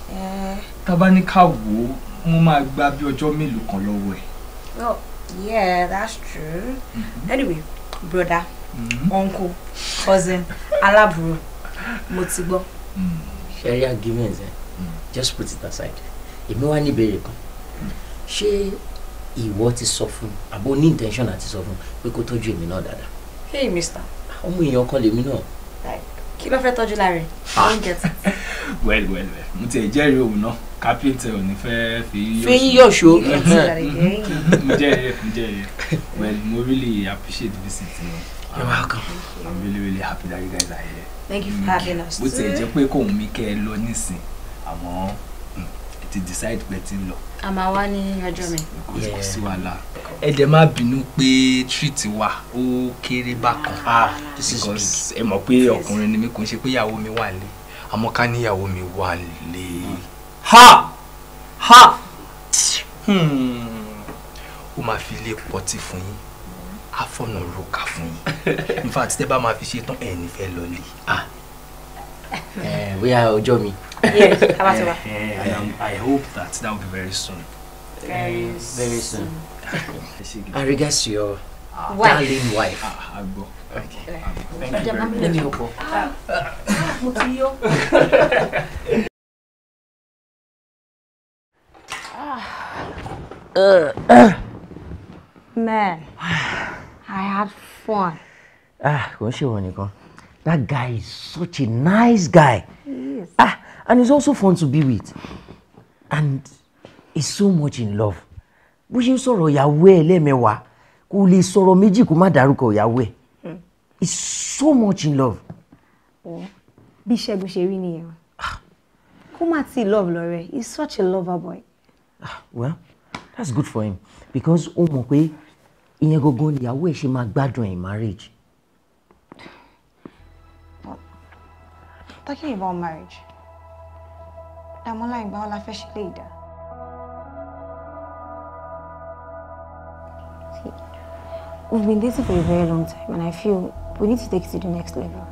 tábà ní ká wò ó mo máa gba bí ọjọ́ mélòó kan lọ́wọ́ ẹ̀. oh yeah that's true mm -hmm. anyway broda mm -hmm. uncle cousin alábùrò mo ti gbọ́. Mm. ṣe é rí argument ẹ mm. just put it aside èmi wá ní ìbéèrè kan ṣé ìwọ ti sọ fún àbò ní intention àti sọ fún pé kó tọ́jú èmi náà dáadáa. hey mister. ọmọ èèyàn kan lèmi náà. kí ló fẹ́ tọ́jú lára ẹ̀ don't ah. get it. well well well mo tiẹ̀ jẹ́rìí òun náà kápẹ́ntẹ̀ ò ní fẹ́ fi yọ̀ṣọ́. fi yọ̀ṣọ́. mo jẹ́rìí mo jẹ́rìí well mo really appreciate the visit. You know. You're um, welcome. I'm really really happy that you guys are here. Thank you for having mm-hmm. us. Bó tiẹ̀ jẹ́ pé kò ń mí kẹ́ ẹ lọ nísìn àmọ́ ti decide pé ti ń lọ. a máa wá ní ọjọ́ mi. kò sí wàhálà. ẹ jẹ́ má bínú pé treat wa ó kéré bákan. Ah, ah, because ẹ mọ̀ pé ọkùnrin ni mi kò ń ṣe pé ìyàwó mi wà lé àmọ́ ká ní ìyàwó mi wà lé. ha ha hmm. ó máa fi ilé pọtì fún yín àfọ̀nà roka fún yín in fact tẹ́ bá máa fi ṣe tán ẹ̀ ní fẹ́ lọ lé. Ah. Eh, bóyá ọjọ́ mi. Yes, Abatuba. Yeah, I, am, I hope that that will be very soon. Very, very soon. I regards to your ah. wife. darling wife. Ah, ah Agbo. Okay. Thank you very much. Let me hope. Ah, ah uh. Man, I had fun. Ah, kò ń ṣe wọ̀ That guy is such a nice guy. He is. Ah, and it's also fun to be with and he's so much in love bó ṣe ń sọ̀rọ̀ ìyàwó ẹ̀ lẹ́ẹ̀mẹ́wàá kò lè sọ̀rọ̀ méjì kó má dárúkọ ìyàwó ẹ̀ he's hmm. so much in love. bí ṣẹ́gun ṣe rí nìyẹn kó má ti love lọ rẹ he's such a lover boy. Ah, well that's good for him because ó mọ̀ pé ìyẹn gangan ìyàwó ẹ̀ ṣe máa gbádùn ẹ̀ marriage. Talking about marriage Dàmọ́lá ìgbà ọ̀la fẹ́ ṣe lè dá. See, we've been dating for a very long time and I feel we need to take it to the next level.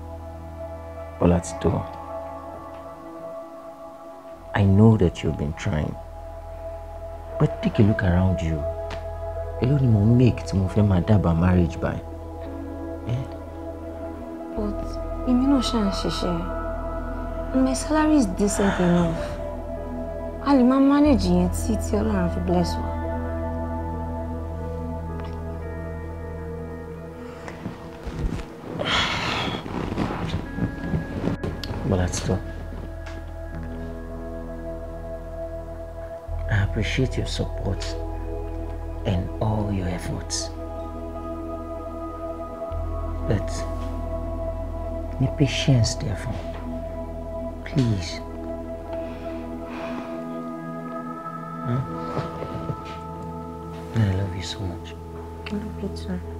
Olatito, I know that you've been trying, but take a look around you. Èló ni mo make tí mo fẹ́ máa marriage by. But eh? But èmi náà Shan ṣiṣẹ́. My salary is decent enough i lè máa manage yẹn tí tí ọlọ́run fi bless wa. Bọ́lá títọ́, I appreciate your support and all your efforts. But need patience therefore, please. Hmm? I love you so much. I love you too.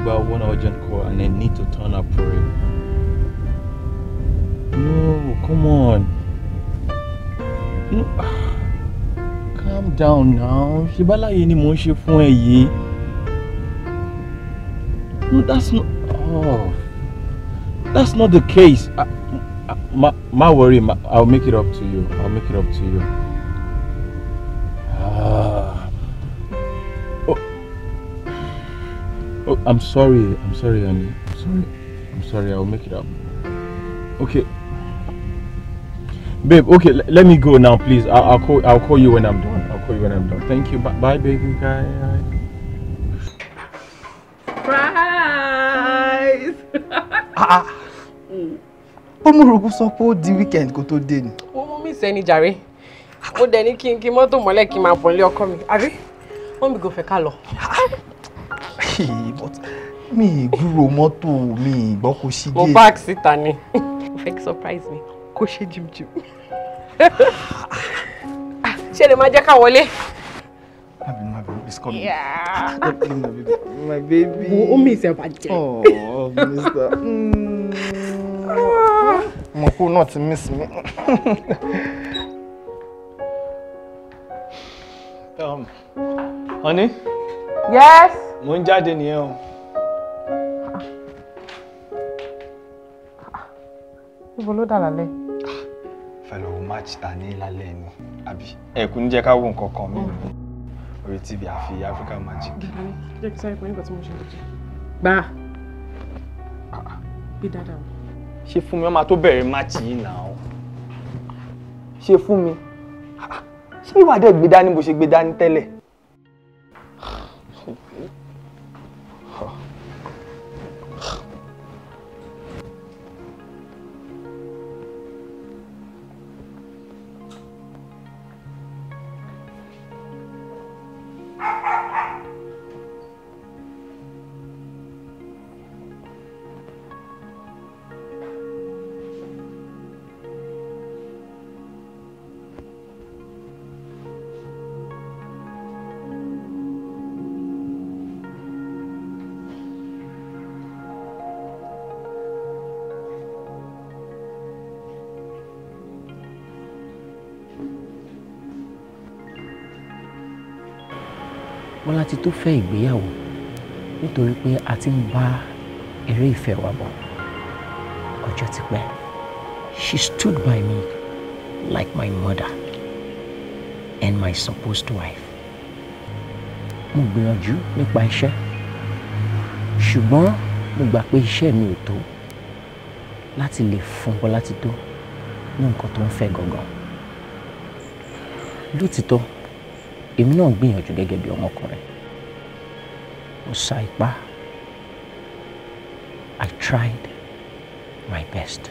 about one urgent call and I need to turn up for it. No, come on. No, calm down now. Ṣebáláyé ni mò ń ṣe fún No, that's not. Oh, that's not the case. I, ah, I, ma, ma worry. Ma, I'll make it up to you. I'll make it up to you. I'm sorry. I'm sorry, honey. I'm sorry. I'm sorry. I'll make it up. Okay. Babe, okay, let me go now, please. I'll, I'll call. I'll call you when I'm done. I'll call you when I'm done. Thank you. Bye, bye baby guy. Prize. ah. Omorogu ah. sọ pé ó di weekend kó tó dé ni. Ó mi sẹ́ni jàre. Ó dẹ̀ ní kí n kí mọ́tò mọ́lẹ̀ kí n máa bọ̀ nílé mi. Àbí? Wọ́n mi gò fẹ́ ká lọ. Ah, ah okay but mi gbúrò mọ́tò mi gbọ́ kó ṣí gé. mo bá síta ni. mo fẹ́ surprise mi kó ṣe jimjim. ṣé lè má jẹ́ ká wọlé. my baby my baby is coming. Yeah. my baby. wo omi ìsẹ̀fà jẹ. oh mister. mo kú náà ti miss me. um, honey. yes mò ń jáde nìyẹn o. níbo ló dà lálẹ́. fẹlẹ o match ta ní lálẹ́ ni àbí ẹkùn jẹ́ ká wo nǹkan kan mi orí tv àfi Africa Magic. jẹ́ kí sáré pẹ̀lú nǹkan tí mo ṣe lè jẹ́. gbà á ah, ah. bí dáadáa o. ṣé fún mi wọ́n máa tó bẹ̀rẹ̀ match yìí náà o ṣé fún mi ah, ṣé ìwà dẹ̀ gbé bó ṣe gbé dání tẹ́lẹ̀. tó fẹ́ ìgbéyàwó nítorí pé a ti ń bá eré ìfẹ́ wa bọ̀ ọjọ́ ti pẹ́ she stood by me like my mother and my supposed wife mo gbìyànjú nípa iṣẹ́ ṣùgbọ́n mo gbà pé iṣẹ́ mi ò tó láti lè fún Bọ́látitó ní nǹkan tó ń fẹ́ gangan lótìtọ́ èmi náà gbìyànjú gẹ́gẹ́ bí ọmọkùnrin I tried my best.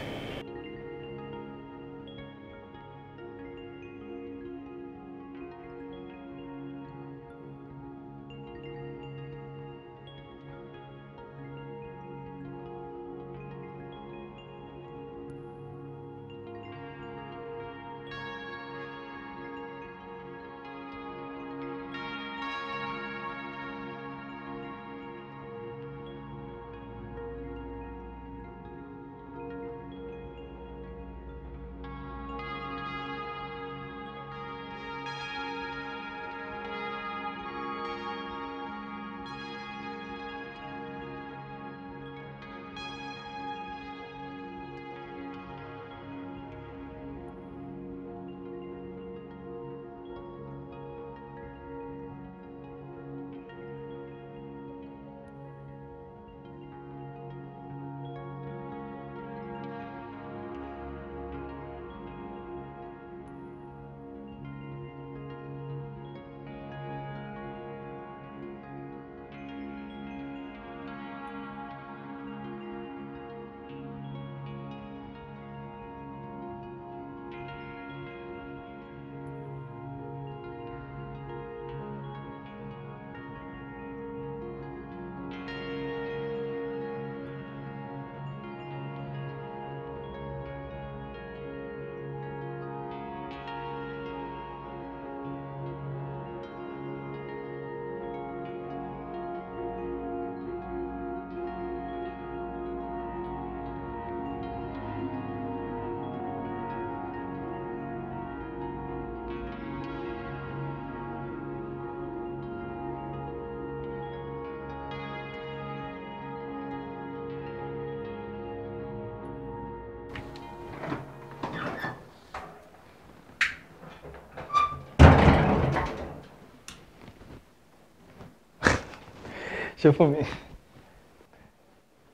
ṣe fún mi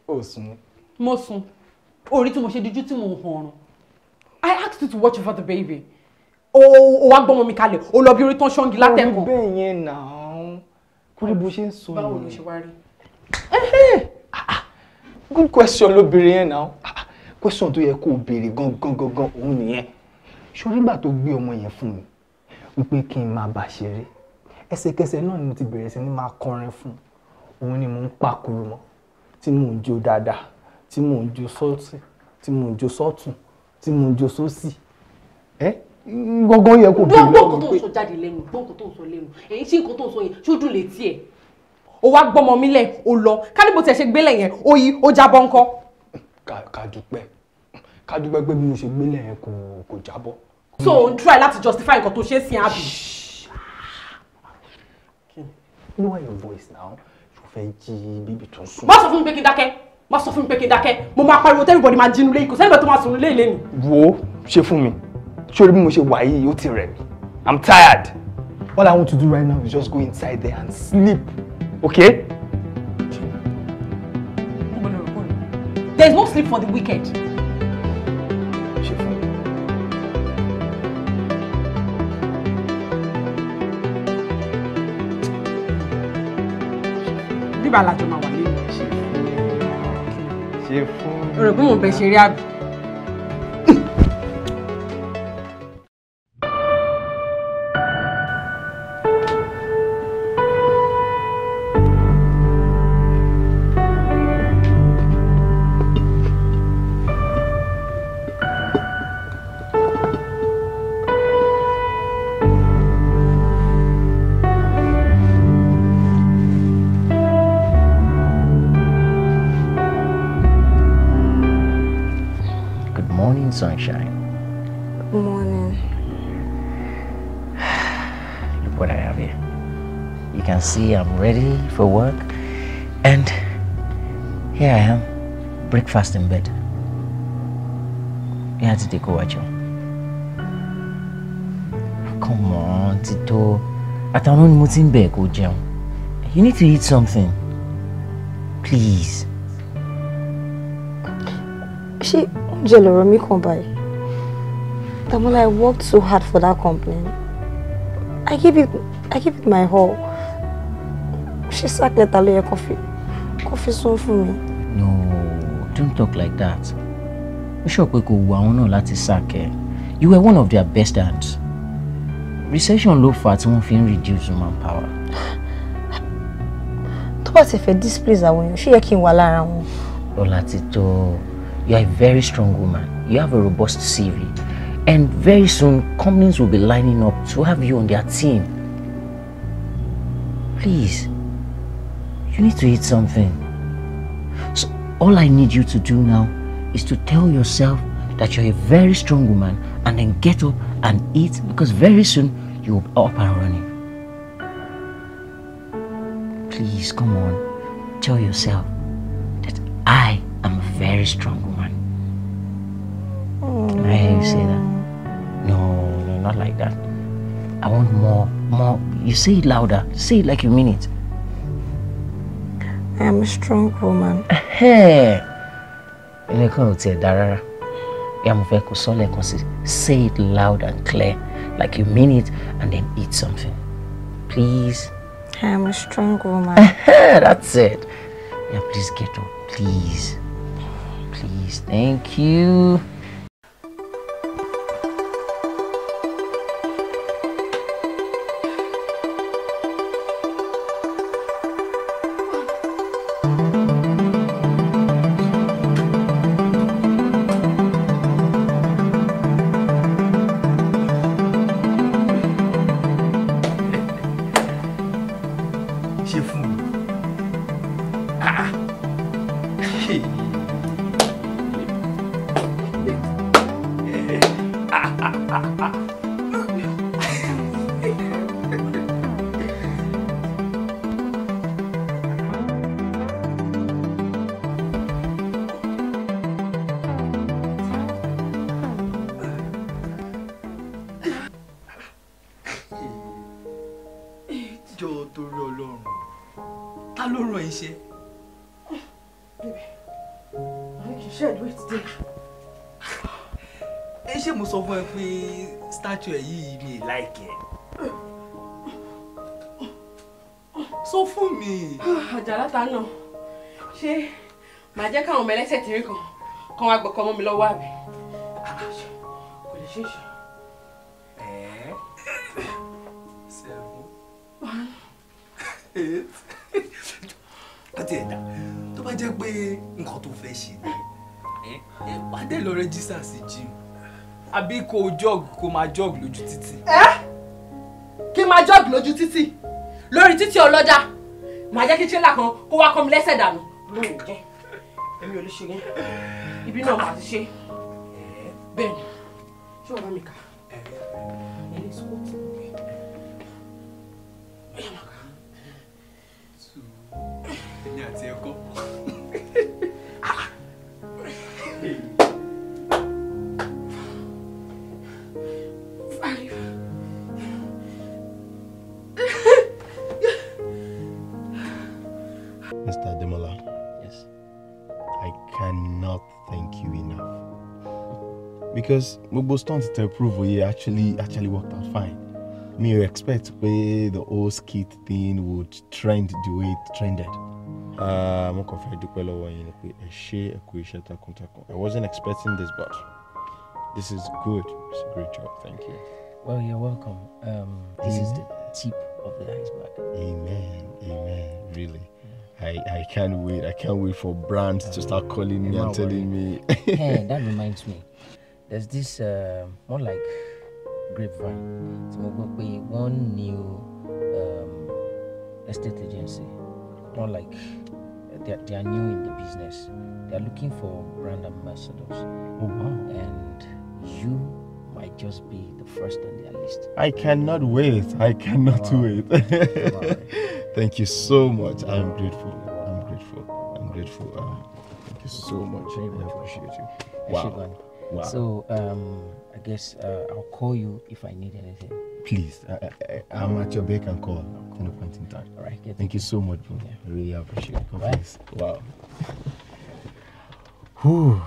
o sùn ni. mo sùn orí tí mo ṣe dijú tí mo hàn ọrùn i asked you to watch over the baby o o wá gbọ́mọ mi kalẹ̀ o lọ bí orí tán ṣọ́ngi látẹ̀kọ̀. orí bẹ́ẹ̀ yẹn nà án kúrò bó ṣe ń sọ yìí. báwo ló ṣe wá rí. Eh, eh. good question ló béèrè yẹn nà án question tó yẹ kó o béèrè gangan gangan òun nìyẹn ṣorí gbà tó gbé ọmọ yẹn fún mi wípé kí n máa bá ṣeré ẹsẹ̀kẹsẹ̀ náà ni mo ti bẹ̀rẹ̀ sí ni máa kọrin fún un òun ni mò ń pàkúrú mọ́ tí mò ń jó dáadáa tí mò ń jó sọ́ọ̀tì tí mò ń jó sọ́ọ̀tún tí mò ń jó sósì ẹ́ gbọ́ngàn yẹ kó bí lọ́wọ́ pé. gbọ́ngàn tó ń sọ jáde lẹ́nu gbọ́ngàn tó ń sọ lẹ́nu èyí ṣé nǹkan tó ń sọ yẹn ṣó dùn létí ẹ̀. o wá gbọ́mọ mi lẹ̀ o lọ kálíbò tẹ̀ ṣe gbélẹ̀ yẹn o yí o jábọ́ ńkọ́. ká dúpẹ́ ká dúpẹ́ pé bí mo ṣe gbélẹ̀ yẹn kò kò jábọ́. so o ń try láti justify nǹkan tó ṣe é sí àbí. lower your voice now fẹ́ jí bíbí tó sùn. má sọ fún mi pé kí n dákẹ́ má sọ fún mi pé kí n dákẹ́ mo máa pariwo tẹ́lifọ̀dì máa jinú léyìn kò sẹ́ni bẹ́ẹ̀ tó máa sùn lé ilé mi. wo ṣe fún mi ṣé orí bí mo ṣe wà yìí ó ti rẹ̀ mí i'm tired all i want to do right now is just go inside there and sleep okay. there is no sleep for the wicked. bíbá làjọ máa wà nínú ẹ̀ ṣe fún. ṣe fún. o rò pé mò ń bẹ ṣeré àbí. see I'm ready for work. And here I am, breakfast in bed. You had to take over Joe. Come on, Tito. I don't know what's in bed, kó You need to eat something. Please. Ṣé oúnjẹ lọ̀rọ̀ mi kàn báyìí? Damola, I worked so hard for that company. I give it, I give it my all ṣé sacked. letter ló yẹ kó fi kó fi no don't talk like that ó ṣọ pé kò wù àwọn you were one of their best hands recession low fà á tí wọ́n fi ń reduce human power. tó bá ti fẹ́ displace àwọn èèyàn ṣé yẹ kí n wà lára wọn. you are a very strong woman you have a robust CV and very soon companies will be lining up to have you on their team. Please. You need to eat something. So all I need you to do now is to tell yourself that you're a very strong woman and then get up and eat because very soon you'll be up and running. Please, come on. Tell yourself that I am a very strong woman. I hear you say that. No, no, not like that. I want more, more. You say it louder. Say it like you mean it. I am a strong woman. Hey, you tiẹ̀ dá rárá ìyá mo fẹ́ kó sọ lẹ́ẹ̀kan say it loud and clear like you mean it and then eat something please. I am a strong woman. that's it. Yeah, please get up, please. Please, thank you. ọmọ ẹlẹ́sẹ̀ tèmi kan kan wá gbọ̀kan mọ́ mi lọ́wọ́ àbí ah, ah, ṣe é ṣe. seven eh? eight láti ẹ̀dá tó bá jẹ́ pé nǹkan tó fẹ́ ṣe ni wà eh, lọ rẹ́jísà sí gym àbí kò jog kò máa jog lójú títì. Eh? kí n máa jog lójú títì lórí títì ọlọ́dà màá jẹ́ kí tírélà kan kó wá kọ́ dànù èmi ò lè ṣe yẹn ibi náà máa ti ṣe bẹ́ẹ̀ ni ṣé wọ́n bá mi kà ilé ìsúkò tí mo gbé bẹ́ẹ̀ máa kà. èmi àti ẹ̀kọ́. because both stunts to approve, oye actually actually worked out fine Me, you expect where the whole skit thing would trend the way it trended. Uh, I wasn't expecting this but this is good it's a great job thank you. well you're welcome um, this amen. is the tip of the iceberg. amen amen really. I, I can't wait. I can't wait for brands to start calling me and telling me. hey, that reminds me there's this uh, more like grapevine tí mo one new um, estate agency more like uh, they are, they are new in the business they are looking for brand ambassadors oh, wow. and you might just be the first on their list i cannot wait i cannot wow. wait thank you so much i'm grateful i'm grateful i'm grateful uh, thank you so much i appreciate you wow Wow. So um, I guess uh, I'll call you if I need anything. Please, uh, uh, uh, I, am at your beck and call at any point in time. All right. Thank you so much, bro. Yeah. I really appreciate it. Right. Wow. Whew.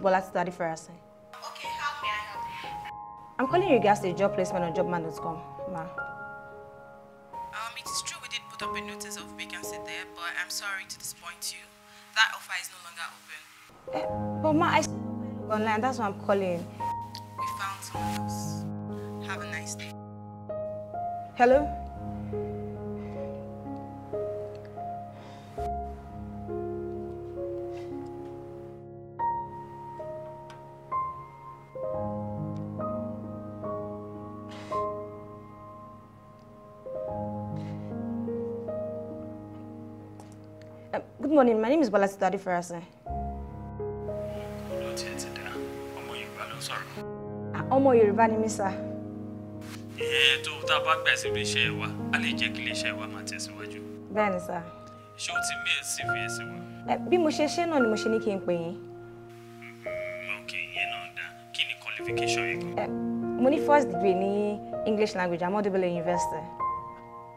is Bola Study Ferguson. Eh? Okay, how may I help you? I'm calling you guys to job placement on jobman.com, ma. Um, it is true we did put up a notice of vacancy there, but I'm sorry to disappoint you. That offer is no longer open. Eh, but ma, I online, that's why I'm calling. We found someone else. Have a nice day. Hello? morning. My name is Balasitade Farasin. Ah, ọmọ Yorùbá ni mí sá. Ẹ tó tá a bá gbà síbi iṣẹ́ wa, a lè jẹ́ kí iléeṣẹ́ wa máa tẹ̀síwájú. Bẹ́ẹ̀ni sá. Ṣé o ti mí èsì fi èsì wa? Eh, bí mo ṣe ṣe náà ni mo ṣe ní kí n pè yín. Okay, ìyẹn náà dá. Kí ni qualification yẹn gan? Eh, mo ní first degree ní English language at Modibele University.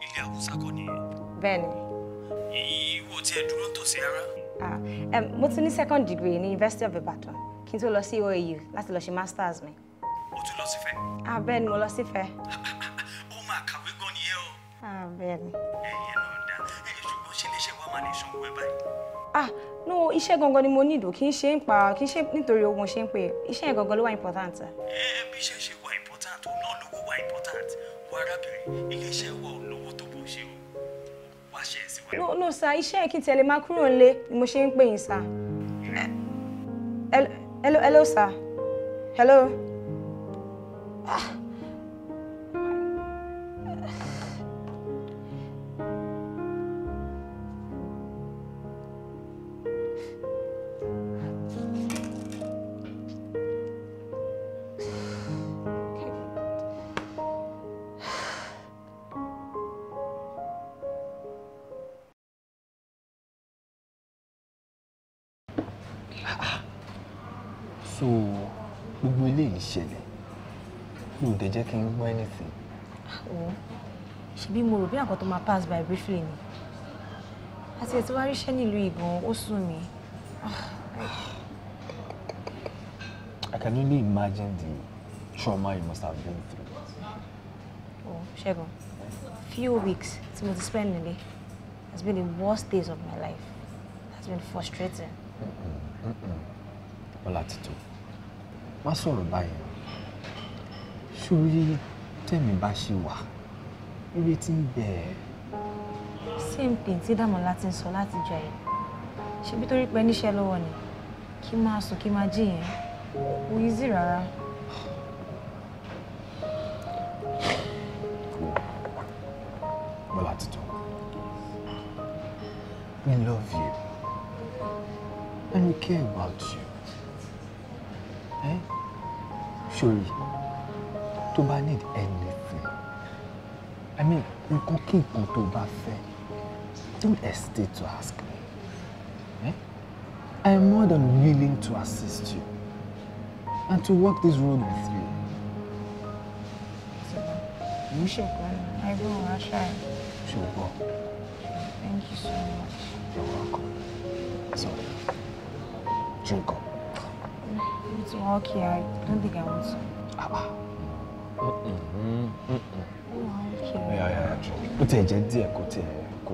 Ilé Haúsá kọ́ nìyẹn. Bẹ́ẹ̀ni. Ìwọ tí ẹ dúró. Ah, rárá. mo ti ní second degree ní University of Ibadan kí n tó lọ OAU láti lọ ṣe masters mi. o tún lọ sífẹ̀. Ah, bẹ́ẹ̀ ni mo lọ sífẹ̀. ó máa kàwé gan nìyẹn o. Ah, bẹ́ẹ̀ ni. ẹyẹ náà dá ṣùgbọ́n ṣe iléeṣẹ́ wa máa lè sanwó ẹ báyìí. ah no iṣẹ́ gangan ni mo nílò kì í ṣe ń pa kì í ṣe nítorí ogun ṣe ń pè iṣẹ́ yẹn gangan ló wà important. ẹ bí iṣẹ́ ṣe wà important O náà lówó wà important wà arábìnrin iléeṣẹ́ wa no no sir iṣẹ́ kí n tẹ̀lé máa kúrò nílé ni mo ṣe ń pè yín sir. Hmm. hello hello sir hello. Ah. ṣebí mo rò bí àkọ́ tó máa pass by briefly ni àti ètò wá ríṣẹ́ nílùú ìgbọ̀n ó sùn mí. I can only imagine the trauma you must have been through. Oh, Ṣẹ́gun, few weeks tí mo ti spend nílé has been the worst days of my life. That's been frustrating. Ọlátìtò, má sọ̀rọ̀ báyìí. Ṣé orí tẹ̀mí bá ṣe wà? níbi tí ń bẹ̀ ẹ́. same thing tí Dàmọ́lá ti ń sọ láti jọ ẹ̀ ṣebí torí pé níṣẹ́ lọ́wọ́ ni kí máa sùn kí máa jí kò easy rárá. Bọ́lá ti tán. We love you. tó bá fẹ́ don't hesitate to ask me eh? I am more than willing to assist you and to walk this road with you. ṣùgbọ́n ẹgbẹ́ òun aṣá ẹ̀. ṣùgbọ́n. Thank you so much. You're welcome. So, drink up. It's okay. I don't think I want to. Ah, ah. Mm-mm ó tiẹ̀ jẹ́ díẹ̀ kó tiẹ̀ kó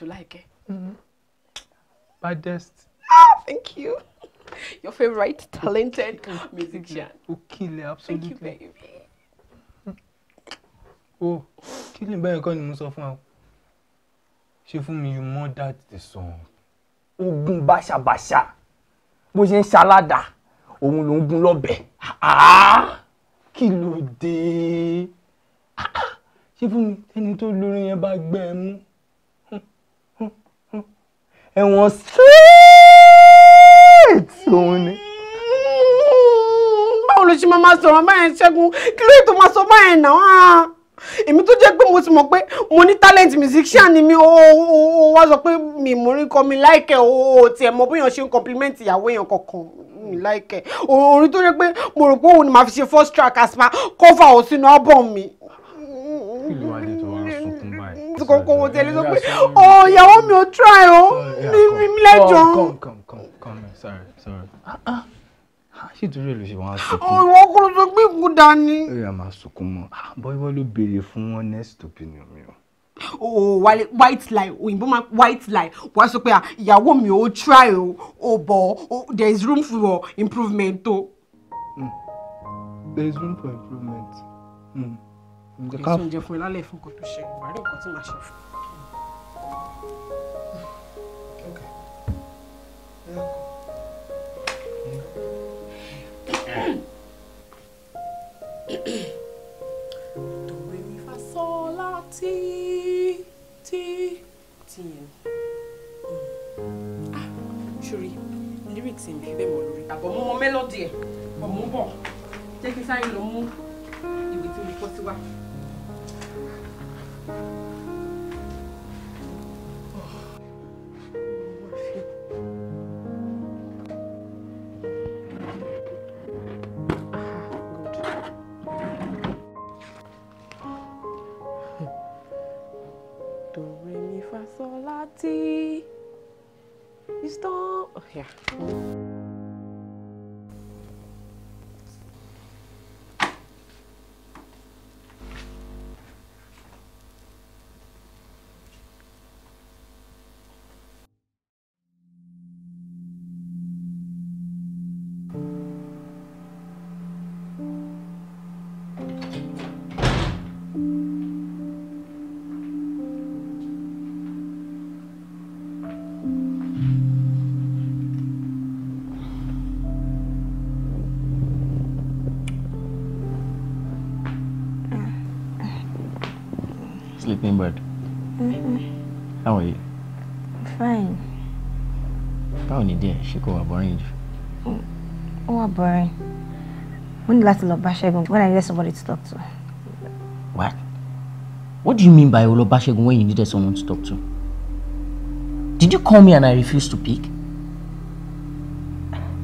You like it. Mm-hmm. Baddest. Ah, thank you. Your favorite talented musician. Okile, absolutely. Thank you, baby. Mm. Oh, killing by your ni mo sọ fún ọ. Ṣé you murdered the song. Ogun báṣabàṣa basha. ṣe ń ṣaládàá òun ló ń gun lọ́bẹ̀. Ah, kí Ah, she ah, Ṣé me. mi ẹni tó lórí yẹn bá gbẹ ẹ ẹ̀wọ̀n straight òun ni. báwo ló ṣe máa ma sọ̀rọ̀ báyẹn ṣẹ́gun kí ló ètò máa sọ báyẹn náà èmi tó jẹ́ pé mo ti mọ̀ pé mo ní talent musician ni mi ó wá sọ pé mi mo rí kọ́ mi láìkẹ́ ó tiẹ̀ mọ bóyá ṣe ń compliment ìyàwó èèyàn kankan mi láìkẹ́ orin tó jẹ́ pé mo rò pé òun ni màá fi ṣe first track as ma cover ọ̀ sínú album mi. kí ló wà ní tí kankan wọ́n tẹ̀lé sọ pé ọ oh, ìyàwó mi ò try o mi mi mi oh, lẹ́jọ́. come come come come sorry sorry ah, ah. Ah, ṣé ìtúrò ìlú ṣe wọn á sunkún. Oh, ọ̀rọ̀ ọkùnrin tó gbé ìkú dání. ó yá máa sunkún mọ́ bọ́íwọ́ ló béèrè fún wọn next opinion mi o oh wale white lie òyìnbó máa white lie wá sọ pé ìyàwó mi ò try o ò bọ̀ there is room for improvement o. Hmm. there is room for improvement. Mm nǹkan ká. èso oúnjẹ fún ẹ lálẹ́ fún nǹkan tó ṣe ìbárí nǹkan tí màá ṣe fún. tòwe mi lyrics ń fi bẹ́ẹ̀ mọ̀ lórí àbọ̀ mọ́ mélòdì ẹ̀ bọ̀ mú bọ̀ jẹ́ kí sáré lọ mú ìwé tí mo Thank you. ṣé kò wà boring jù. ó wà boring mo ní láti lọ bá when I needed somebody to talk to. what what do you mean by lọ when you needed someone to talk to did you call me and I refused to pick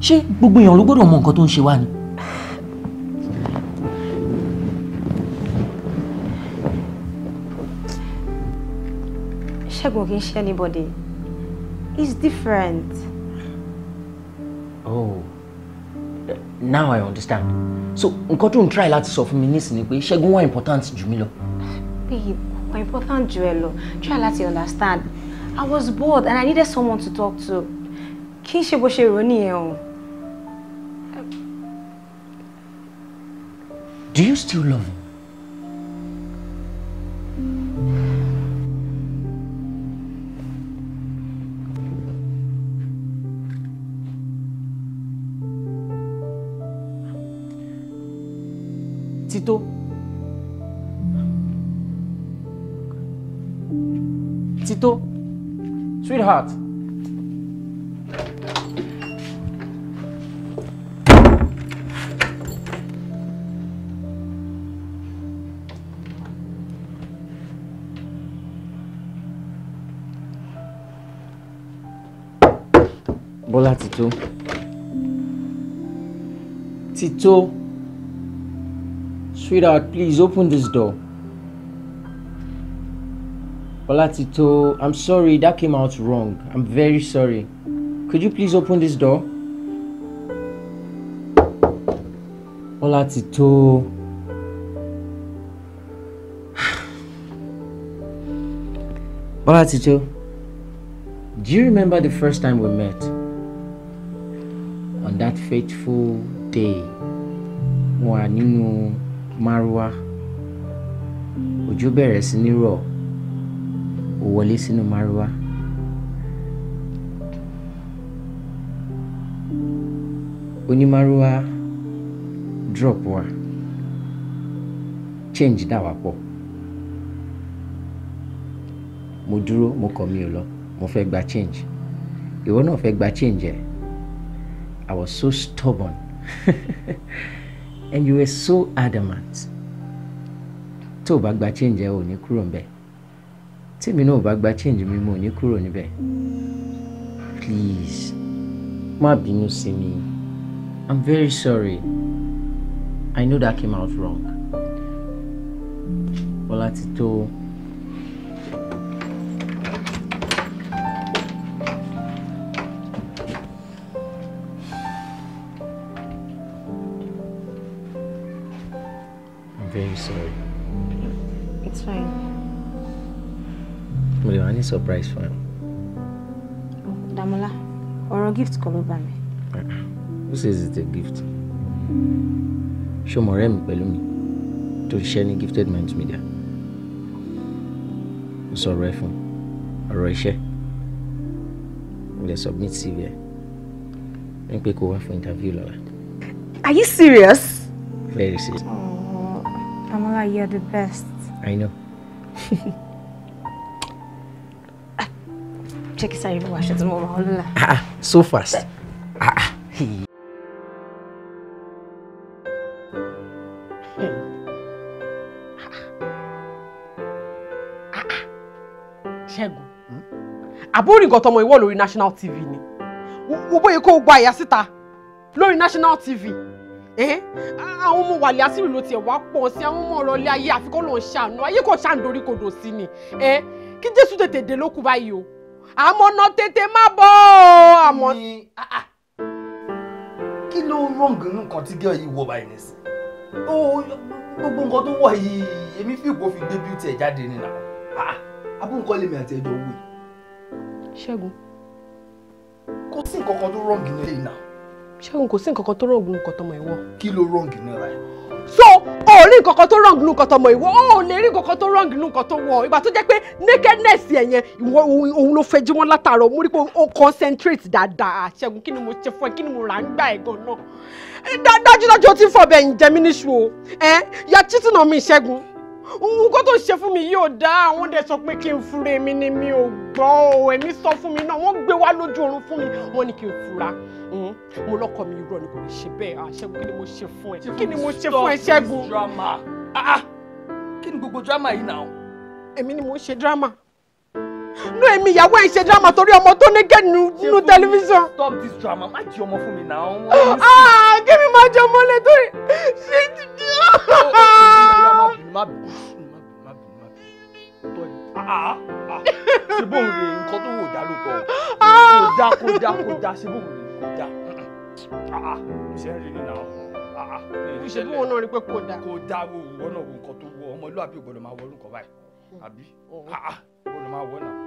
ṣé gbogbo èèyàn ló gbọ́dọ̀ mọ nǹkan tó ń ṣe wá ni. ṣẹ́gun kì í ṣe anybody it's different. now i understand so nǹkan tó ń try láti sọ fún mi nísìnyí pé ṣẹ́gun wà important jù mí lọ. babe wà important jù ẹ lọ try láti understand i was bored and i needed someone to talk to kì í ṣe bó ṣe rò nìyẹn o. do you still love me. hot. Bọ́lá Tito, Tito, sweetheart, please open this door. Olatito, I'm sorry, that came out wrong. I'm very sorry. Could you please open this door? Olatito. Olatito, do you remember the first time we met? On that fateful day, wà nínú Marwa, òjò siniro ó wọlé sínú márúwá. onímárúwá drop wa change dà wá pọ̀ mo dúró mo kọ̀ mi ò mo fẹ́ gba change ìwọ náà fẹ́ gba change ẹ̀ I was so stubborn and you were so adamant tó o bá gba change ẹ̀ ò ní kúrò ń bẹ́ẹ̀ tèmi náà ò bá gba change mi mo ní kúrò níbẹ̀ please má bínú sí mi i'm very sorry i know that came out wrong Ọlátító. Well, surprise for fún Damola, or a gift kọ́ over me. Who says it's a gift? Ṣé ọmọ ọ̀rẹ́ mi pẹ̀lú mi tó ṣiṣẹ́ Gifted Minds Media? me. There. ẹ fún ọ̀rọ̀ iṣẹ́. Mo submit CV ẹ̀ pick pé for interview Lola. Are you serious? Very serious. Oh, Dàmọ́lá, you the best. I know. jẹ́ kí sáré lọ́wọ́ aṣọ tí mo rà ọ́ ah, ah, so fast. Ah, ṣẹ́gun àbúrò nǹkan tọmọ ìwọ lórí national tv ni Ubo bóyá kó o gba àyà síta lórí national tv eh? àwọn ọmọ wàlẹ̀ àsìrì ló tiẹ̀ wá pọ̀ sí àwọn ọmọ ọ̀rọ̀ ilé ayé àfikún ló ń ṣàánú ayé kò ṣàǹdorí kò dò sí ni eh? kí jésù tètè dé lókù báyìí o àmọ̀nà tètè má bọ̀ ọ́ àmọ́. Ah, ah. kí ló ń rọ̀ǹgì nǹkan tí gẹ́ọ̀ yìí wọ báyìí nísìn gbogbo nǹkan tó wọ̀ yìí èmi fi ìkó fi gbé bíútì ẹ̀ jáde nínà abúǹkọ́ ah, lèmi àti ẹjọ́ wù yìí. ṣẹ́gun. kò sí nǹkan kan tó rọ̀ǹgì nílé yìí náà ṣẹ́gun kò sí nǹkan kan tó rọ̀gùn nǹkan tọmọ ìwọ. kí ló rọ̀gùn nira ẹ̀. so ò rí nǹkan kan tó rọ̀gùn nǹkan tọmọ ìwọ ò lè rí nǹkan kan tó rọ̀gùn nǹkan tó wọ ìgbà tó jẹ́ pé nakedness ẹ̀ yẹn ìwọ òun ló fẹ́ jí látàárọ̀ mo rí pé ó concentrate dáadáa ṣẹ́gun kí ni mo ṣe fún ẹ kí ni mo rà ń gbà ẹ̀ gan náà dájúdájú ó ti fọ̀ bẹ́ẹ̀ ń jẹ mí níṣu o ẹ yà chitun ṣẹ́gun nǹkan tó ṣe fún mi yóò dá àwọn dẹ̀ sọ pé kí n fure mi ni mi ò gbọ́ ẹ̀mí sọ fún mi náà wọ́n gbé wá lójú oorun fún mi wọ́n ní kí n fura mo lọ́kọ mi irọ́ ni kò lè ṣe bẹ́ẹ̀ àṣẹ́gun kí ni mo ṣe fún ẹ kí ni mo ṣe fún ẹ ṣẹ́gun. kí ni gbogbo drama yìí náà. èmi ni mo ń ṣe drama nú èmi ìyàwó ẹ̀ ṣe drama torí ọmọ tó ní gẹ̀ nínú tẹlifíṣàn. stop this drama má jí ọmọ fún mi náà. kí mi máa jẹ ọmọ lẹ́tọ́ rẹ̀ ṣé ti di ọ́ má bì má bì má bì má bì tọ́ ni. Ah, ah, ah. ṣé bóun lè nǹkan tó wò dá ló tọ́ kò dá kò dá kò dá ṣé bóun lè kò dá ṣe ń rí nínú àwọn ìṣẹ̀lẹ̀ ìṣẹ̀lẹ̀ wọn náà rí pé kò dá kò dá wo ìwọ náà wo nǹkan tó wọ ọmọlúwàbí ò gbọ́dọ̀ máa wọ orúkọ báyìí àbí ò gbọ́dọ̀ máa wọ náà.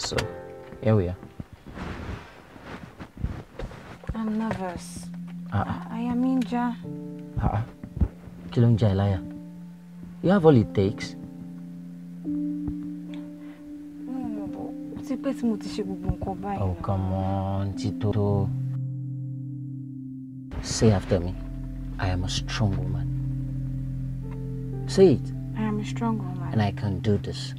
So, here we are. I'm nervous. Uh-uh. I am inja. Uh. Uh-uh. Kí ló ń You have all it takes. Ó mm, ti pẹ́ tí mo ti ṣe gbogbo nǹkan báyìí. Oh, come on, Tito. Say after me, I am a strong woman. Say it. I am a strong woman. And I can do this.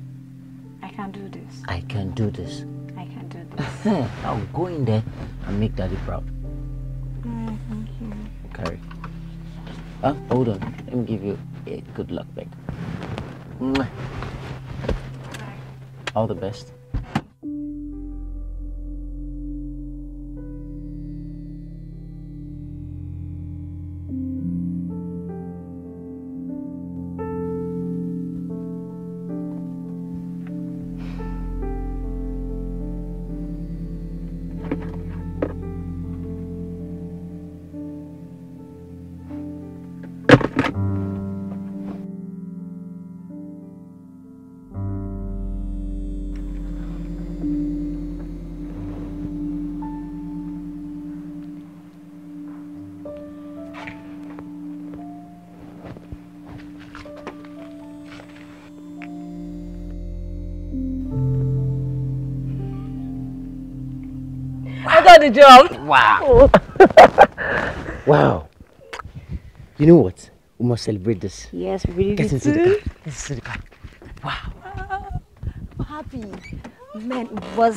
can do this. I can do this. I can do this. I'll go in there and make daddy proud. Mm, thank you. Carry. Huh? Ah, hold on. Let me give you a good luck bag. All the best. got the job. Wow. Oh. wow. You know what? We must celebrate this. Yes, we really Get into the car. Get into the car. Wow. wow. I'm happy. Man, it was...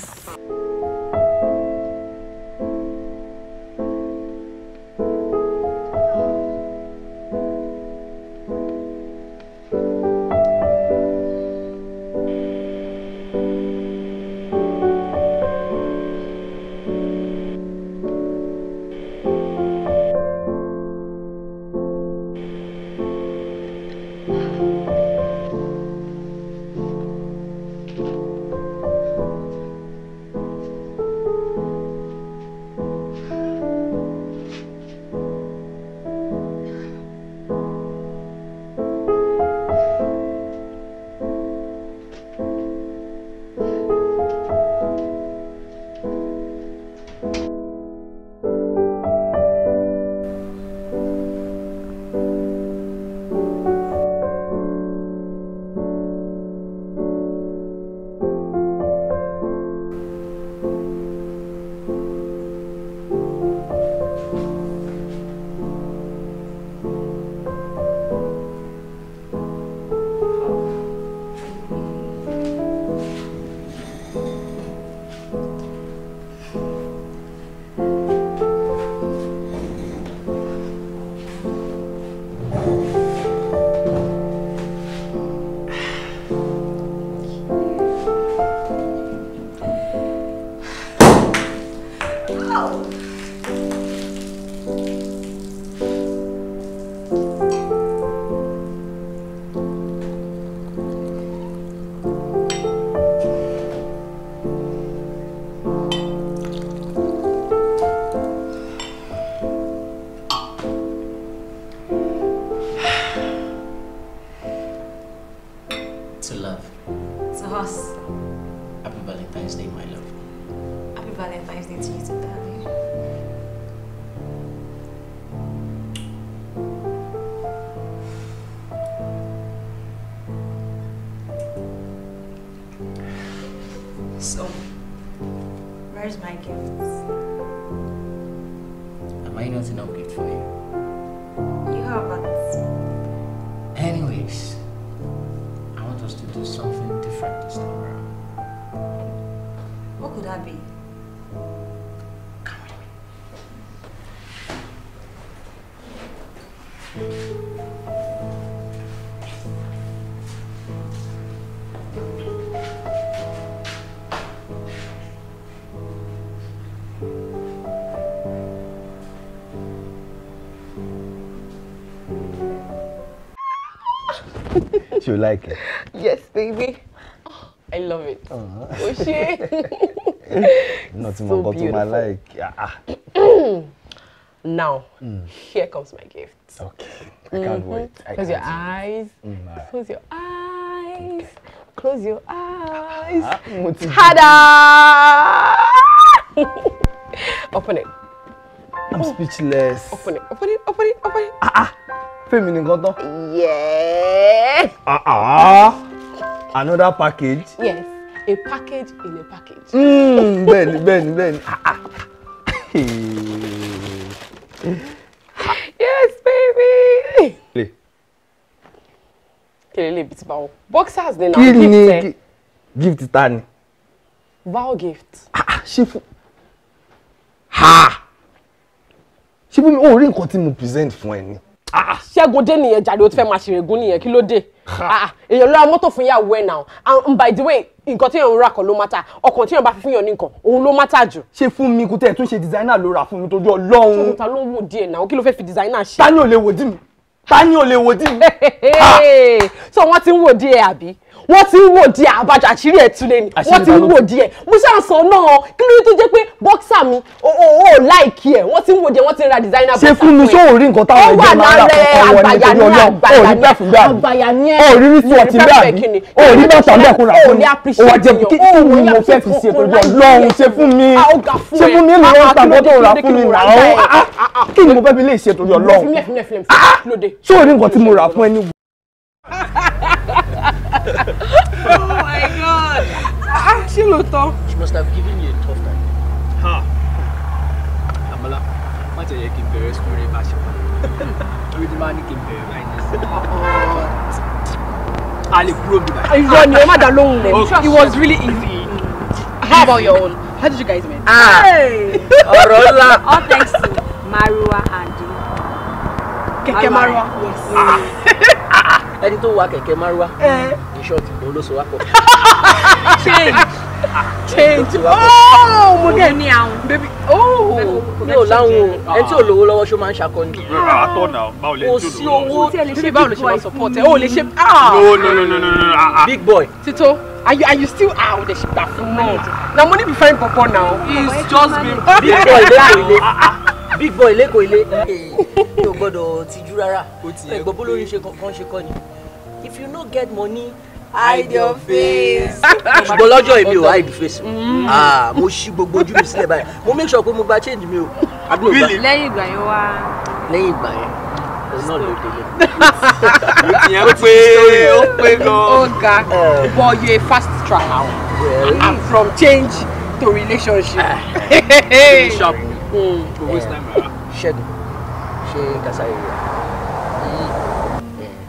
Do you like it? Yes, baby. Oh, I love it. Uh oh. -huh. náà tí mo nǹkan tó máa like ah. now mm. here comes my gift. okay i can't mm -hmm. wait. I close can't your eyes mm, close your eyes okay. close your eyes ah, ah. tada open it. I'm speechless. Open it, open it, open it, open it. Ah ah. Fẹ́mi ni nǹkan tán. Yeah. Ah ah. Another package. Yes a package in a package. Hmm, bẹ́ẹ̀ni bẹ́ẹ̀ni bẹ́ẹ̀ni ah, ah. yes baby. le. kí lélẹ̀ ibi tí báwo boxers ni na gift ẹ. kí ni gift ta ni. vow gift. Ah, ṣé Ha. ṣé fún mi ò rí nǹkan tí mo present fún ẹ ni. Ah, ah. ṣẹ́gun dé nìyẹn jàre o ti fẹ́ máa ṣèrègùn nìyẹn kí ló dé ah, èèyàn lọ́ra mọ́tò fún ìyàwó ẹ̀ náà and by the way nǹkan tí èèyàn ń rà kan ló mátà ọkàn tí èèyàn bá fi fún yàn ní nǹkan òun ló mátà jù. ṣé fún mi kú tẹ́ ẹ̀ tún ṣe designer ló rà fún mi tójú ọlọ́run. ṣé ta ló ń wò díẹ̀ náà kí ló fẹ́ fi designer ṣe. ta ni ò lè wò dì mí ta ni ò lè wò dì mí. so wọ́n ti ń wò díẹ̀ àbí wọ́n ti ń wò díẹ̀ àbájá àṣírí ẹ̀ tún lé ni wọ́n ti ń wò díẹ̀ musanso náà kí ló tó jẹ́ pé bọ́ksà mi o ò láìkí ẹ̀ wọ́n ti ń wò díẹ̀ wọ́n ti ń ra designer bọ́ksà fún ẹ̀. ṣé fún mi sóò rí nǹkan táwọn ẹgbẹ́ máa ń rà fún wọn nítorí ọlọ́run ó rí bẹ́ẹ̀ fún bẹ́ẹ̀ ó rí rísí ọtí bẹ́ẹ̀ ó rí bàtà bẹ́ẹ̀ kó rà fún mi ó wá jẹ́ kí ni mo fẹ́ fi ṣe torí ọlọ́run ṣe fún mi ṣe fún mi lọ́wọ́ gbàgbọ́ tó rà fún mi rà ó kí ni mo fẹ́ fi lè ṣe torí ọlọ́run ṣó rí nǹkan tí mo rà fún ẹ ní oh my god. Ah, ah, ṣé lóòótọ́. she must have given you a tough time. ha amala má jẹ yẹ kí n bẹ̀rẹ̀ sùn rẹ bá ṣe wà lórí tí máa ní kí n bẹ̀rẹ̀ láì ní sí. a lè it was really easy. how about your own how did you guys meet. Ah. Hey! ńlá. all thanks to Marwa and. kẹ̀kẹ́ Marwa. yes. ẹni tó wa kẹ̀kẹ́ márúwá ní ṣọ́ọ̀tì òun ló so wá pọ̀. change change Oh, mo dé ní àwọn bébí ooo mi ò láwọn o ẹni tí ò lówó lọ́wọ́ ṣó máa ń ṣakọni. kò sí owó bíbí báwo lè ṣe máa support ẹ o lè ṣe. Ah! no no no no no ah, ah. big boy. Tito are you are you still out there ṣe gbà fún náà na mo ní bí fẹ́ẹ́ bọ̀bọ̀ náà. he is just being big boy lẹ́yìn ilé big boy lẹ́kọ̀ọ́ ilé mi ò gbọ́dọ̀ tijú rárá ẹ̀gbọ́n bólórí kan ṣe kọ́ ni if you no get money hide your face. ṣùgbọ́n lọ́jọ́ èmi ò hide face mm-hmm. ah, mo ṣí gbogbo ojú mi sílẹ̀ báyìí mo make sure pé mo gba change mi o. lẹ́yìn ìgbà yẹn wá. lẹ́yìn ìgbà yẹn òun náà ló délé. ìyẹn pé ó pé gan. ó ga eh. but you a fast track out from change to relationship. relationship. Ah kò waste time rárá. ṣẹ́gun ṣé kásáré rẹ̀ yìí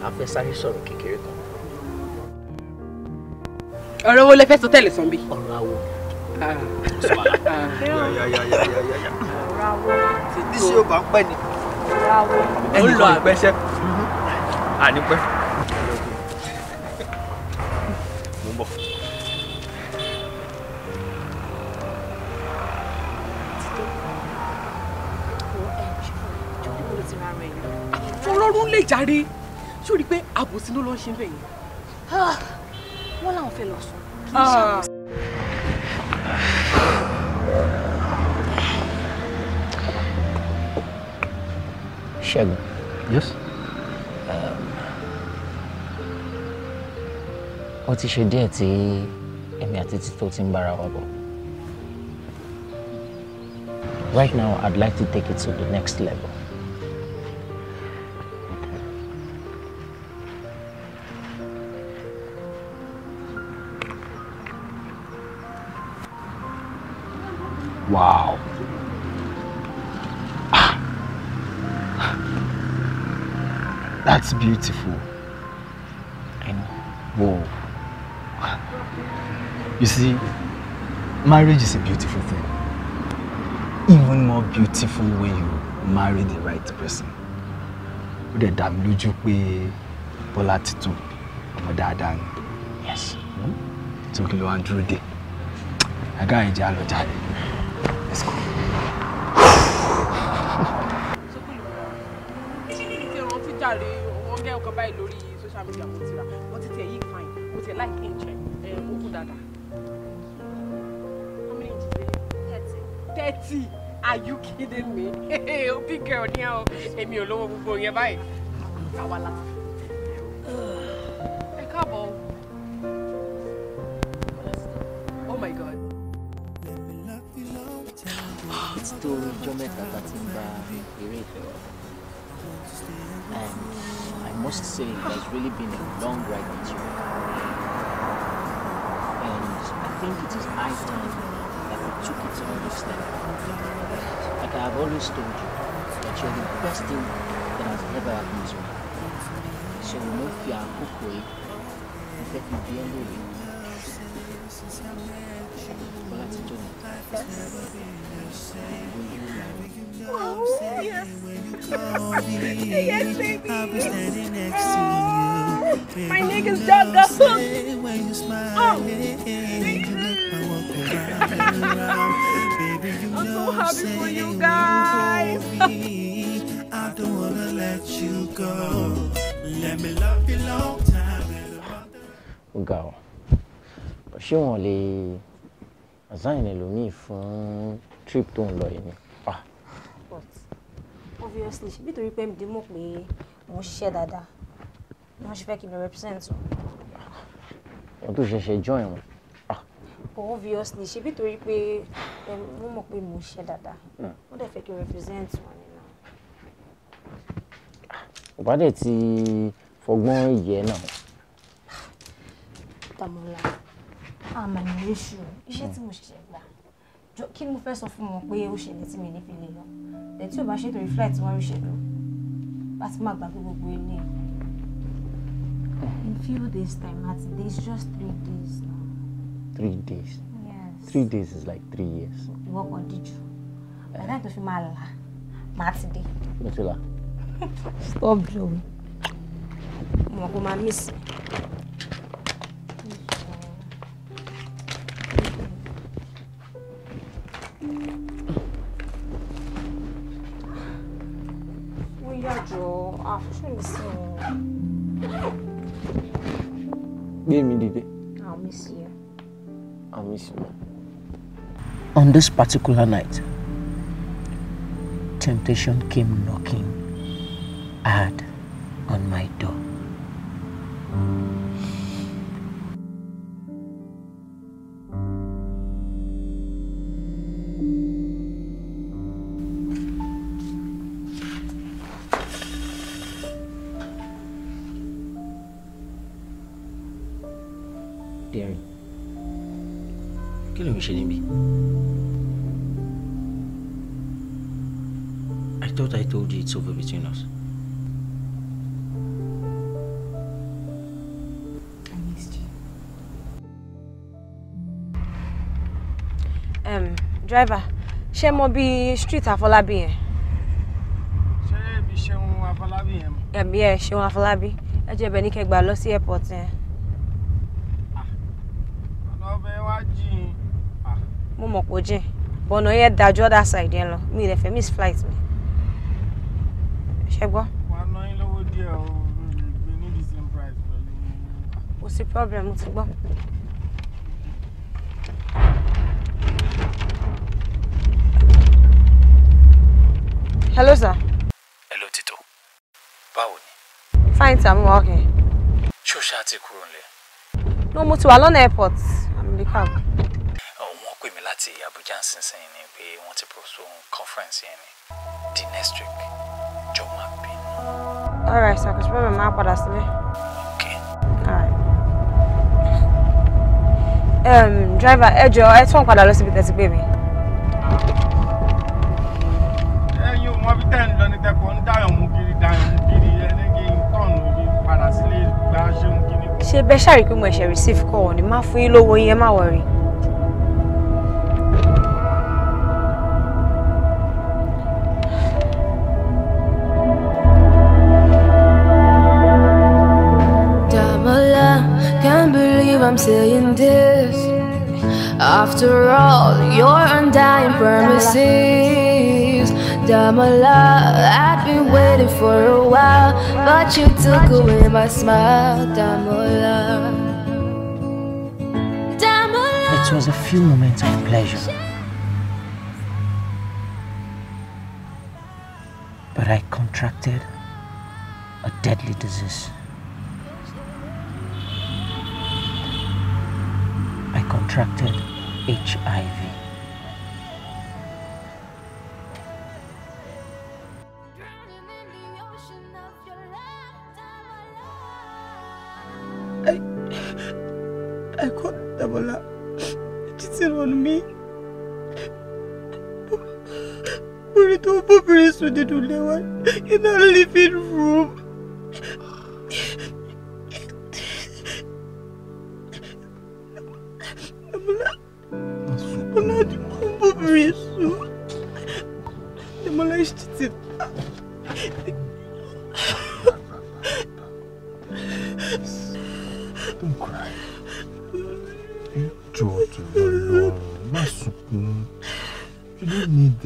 afẹ́sáré sọ̀rọ̀ kékeré kan. ọ̀rọ̀ wo lẹ fẹ́ sọ tẹ́lẹ̀ sàn bí. ọ̀rọ̀ awo. ọ̀rọ̀ awo. títí ṣé o bá ń pẹ́ ni. ọ̀rọ̀ awo. ẹnì kan ìpẹ́sẹ́ ànípẹ́. rọrùn lè jàre sórí pé àbòsí ló lọ ṣe bẹ́ẹ̀ yẹn. Ah, wọ́n làwọn fẹ́ lọ sùn kì í ṣe ah. àbòsí. Ṣẹ́gun. Yes. Um, ó ti ṣe díẹ̀ tí èmi àti Tító ti ń bára wa bọ̀. Right now, I'd like to take it to the next level. beautiful. And Whoa. You see, marriage is a beautiful thing. Even more beautiful when you marry the right person. The dẹ̀ dá mi lójú pé Yes. Tó kí ló day ń dúró dé. Àgá ìjà nǹkan báyìí lórí social media mo ti rà mo ti tẹ̀ yí fine mo ti like ẹ̀jẹ̀ ẹ̀ ó kú dáadáa. how many inches dey thirty. thirty are you kidding me o oh, big girl ní àwọn èmi ò lówó gbogbo yẹn báyìí àwa la ẹ káàbọ̀ oh my god. ó ti tó ọjọ́ mẹ́ta tá a ti ń bá eré ìfẹ́ wa. And I must say, it has really been a long ride with you. And I think it is high time that we took it to next step. Like I have always told you, that you're the best thing that has ever happened to me. So we move here and cook away and take my beer away. Well, that's it, Jonathan. Yes. Wow, yes. yes, baby. oh, My nigga's dug up. oh. Baby, you I'm so happy for you guys. I don't wanna let you go. you long ṣé wọn lè assign ẹlòmíì fún trip tó ń lọ yìí ni? obviously nítorí pé md mọ̀ pé mo ṣiṣẹ́ dáadáa ni wọ́n ṣe fẹ́ kí n lọ represent o. wọ́n tó ṣẹ̀ṣẹ̀ join wọn. Ah. obviously ṣe bí torí pé wọ́n mọ̀ pé mo ṣiṣẹ́ dáadáa wọ́n hmm. dẹ̀ fẹ́ kí n represent wọn nínú. ìbádẹ́ ti fọgbọ́n ìyẹn náà. Dàmọ́lá àmàlẹ́ iṣu iṣẹ́ tí mo ṣiṣẹ́ kí ni mo fẹ́ sọ fún wọn pé ó ṣẹlẹ̀ tí mi ní fi lè lọ ẹ̀ tí ò bá ṣètò ìfúláì tí wọ́n rí ṣètò bá ti máa gbàgbé gbogbo ilé in few days time àti days just three days now. three days. yes three days is like three years. ìwọ kan díjú bàtà tó fi máa là máa ti dé. mo ti là. stop joey. mo mọ̀ pé máa miss. yàjọ àfúnṣe gbé mi dìde. I'll miss you. I'll miss you. On this particular night, temptation came knocking hard on my door. driver ṣé mọ bí street Afọlábí yẹn. ṣé ibi Ṣeun Afọlábí yẹn mọ. ẹ̀mí ẹ̀ Ṣeun Afọlábí ẹ jẹ́ ibẹ̀ ní kẹgbà lọ sí airport yẹn. Ah, ọ̀nà ọbẹ̀ wá jìn. Ah. mo mọ̀ pé ó jìn bọ̀nà yẹn dájú ọ̀dà side yẹn lọ mi ì fẹ́ miss flight mi. ṣé gbọ́. wà á ná yín lówó díẹ̀ o gbé ní the same price pẹ̀lú. kò sí problem mo ti gbọ́. Hello, sir. Hello, Tito. Báwo ni? Fine, sir. I'm wà okay. Ṣé o ṣáà ti kúrò nílé? No, mo ti wà lọ́nà airport. I'm in the cab. Wọ́n pè mí láti Abuja nísinsìnyí ni pé wọ́n ti postpone conference yẹn ni. The next week, jọ máa bínú. All right, sir. Kò sí pé màá padà sílé. Okay. All right. Um, driver, ẹ jọ̀ọ́ ẹ tún padà lọ síbi tẹ́tí gbé mi. ṣe bẹ́ẹ̀ mo receive call ni má fún yín lówó má Damola, can't believe I'm saying this. After all, your undying promises. Damola, I've been waiting for a while. But you took away my smile, Damola. Damola. It was a few moments of pleasure. But I contracted a deadly disease. I contracted HIV.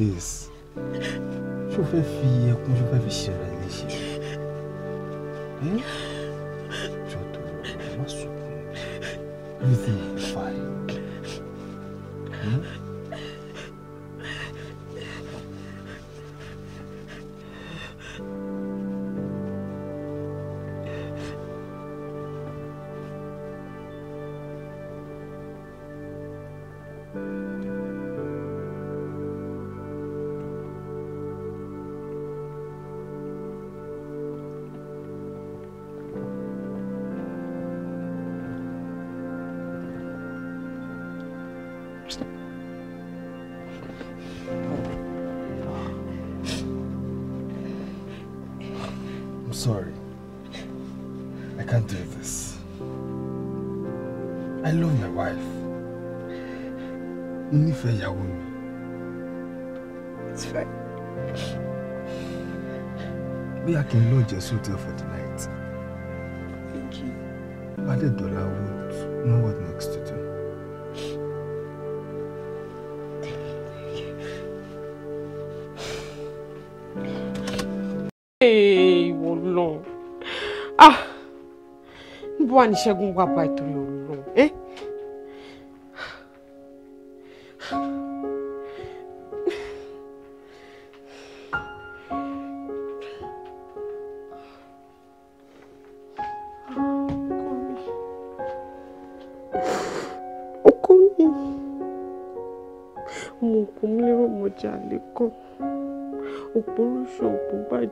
这，我飞力啊！会飞力写这些，哎，我读，我说，你真乖，嗯。hotel for the Thank you. Bade dollar won't know what next to do. Hey, Wolo. Ah, níbo wà ní Ṣẹ́gun wà báyìí torí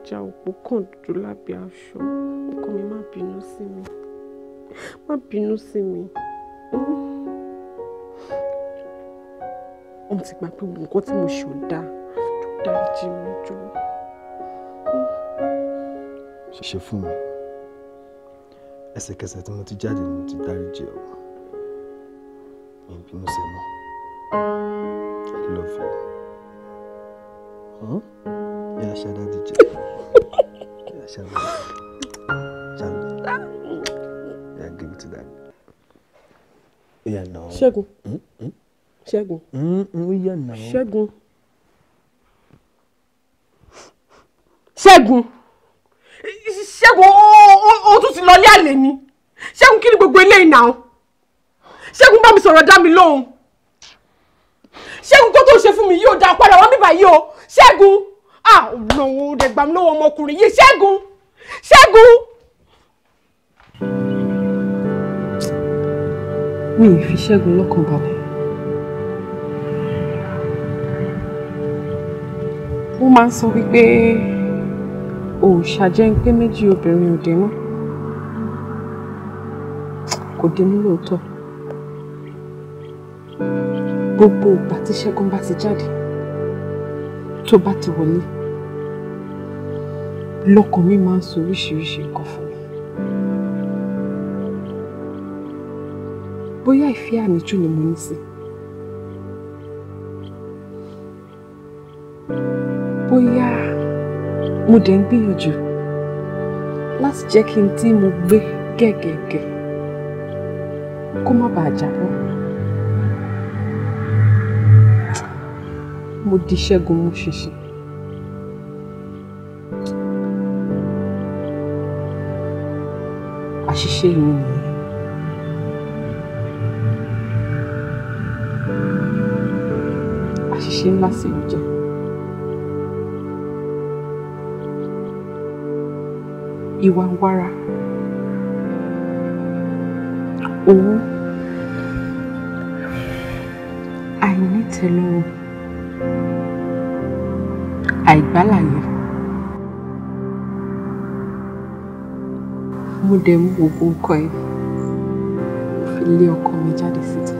já òpó kan dúdú lábẹ́ aṣọ ọkọ mi má bínú sí mi má bínú sí mi mo ti gbà pé nǹkan tí mo ṣe ò dáa tó dáríjì mi jọ. ṣe fún mi ẹsẹ̀kẹsẹ̀ tí mo ti jáde ni mo ti dáríjì ọ mi bínú sí mọ́ I love you. Huh? Ya aşağıda diyeceğim. Ya aşağıda. Can. Ya give it to that. Yeah, no. Hmm Ṣẹ́gun. hmm. Yeah, mm. mm, mm, oh, no. Ṣẹ́gun. Ṣẹ́gun. Ṣẹ́gun o tún ti lọ ilé àlè ni. Ṣẹ́gun kí ni gbogbo eléyìí náà? Ṣẹ́gun bá mi sọ̀rọ̀ dá mi lóhùn. Ṣẹ́gun kó to ṣe fún mi yóò dá padà wá bíbá yìí o. Ṣẹ́gun ọ̀nà òun dẹ̀ gbà mí lọ́wọ́ ọmọkùnrin yìí ṣẹ́gun ṣẹ́gun. mi ì fi ṣẹ́gun lọ́kàn balẹ̀. ó máa ń sọ wípé òòṣà jẹ́ ń pé méjì obìnrin ò dé mọ́ kò dé mú lóòótọ́ gbogbo ìgbà tí ṣẹ́gun bá ti jáde tó bá ti wọlé lọ́kàn mi máa ń sọ oríṣiríṣi nǹkan fún mi bóyá ìfẹ́ àníjù ni mo ní sí bóyá mo dẹ̀ ń gbìyànjú láti jẹ́ kí n tí mo gbé gẹ́gẹ́gẹ́ kó má bàa jábọ́. mo di ṣẹ́gun mú ṣinṣin. àṣìṣe mi nìyẹn. àṣìṣe ńlá sì ń jẹ́. ìwà ń owó àìnítẹ̀lọ́rùn àìgbálàyé mo dẹ̀ mú gbogbo nǹkan ẹ̀ mo fi lé ọkọ mi jáde síta.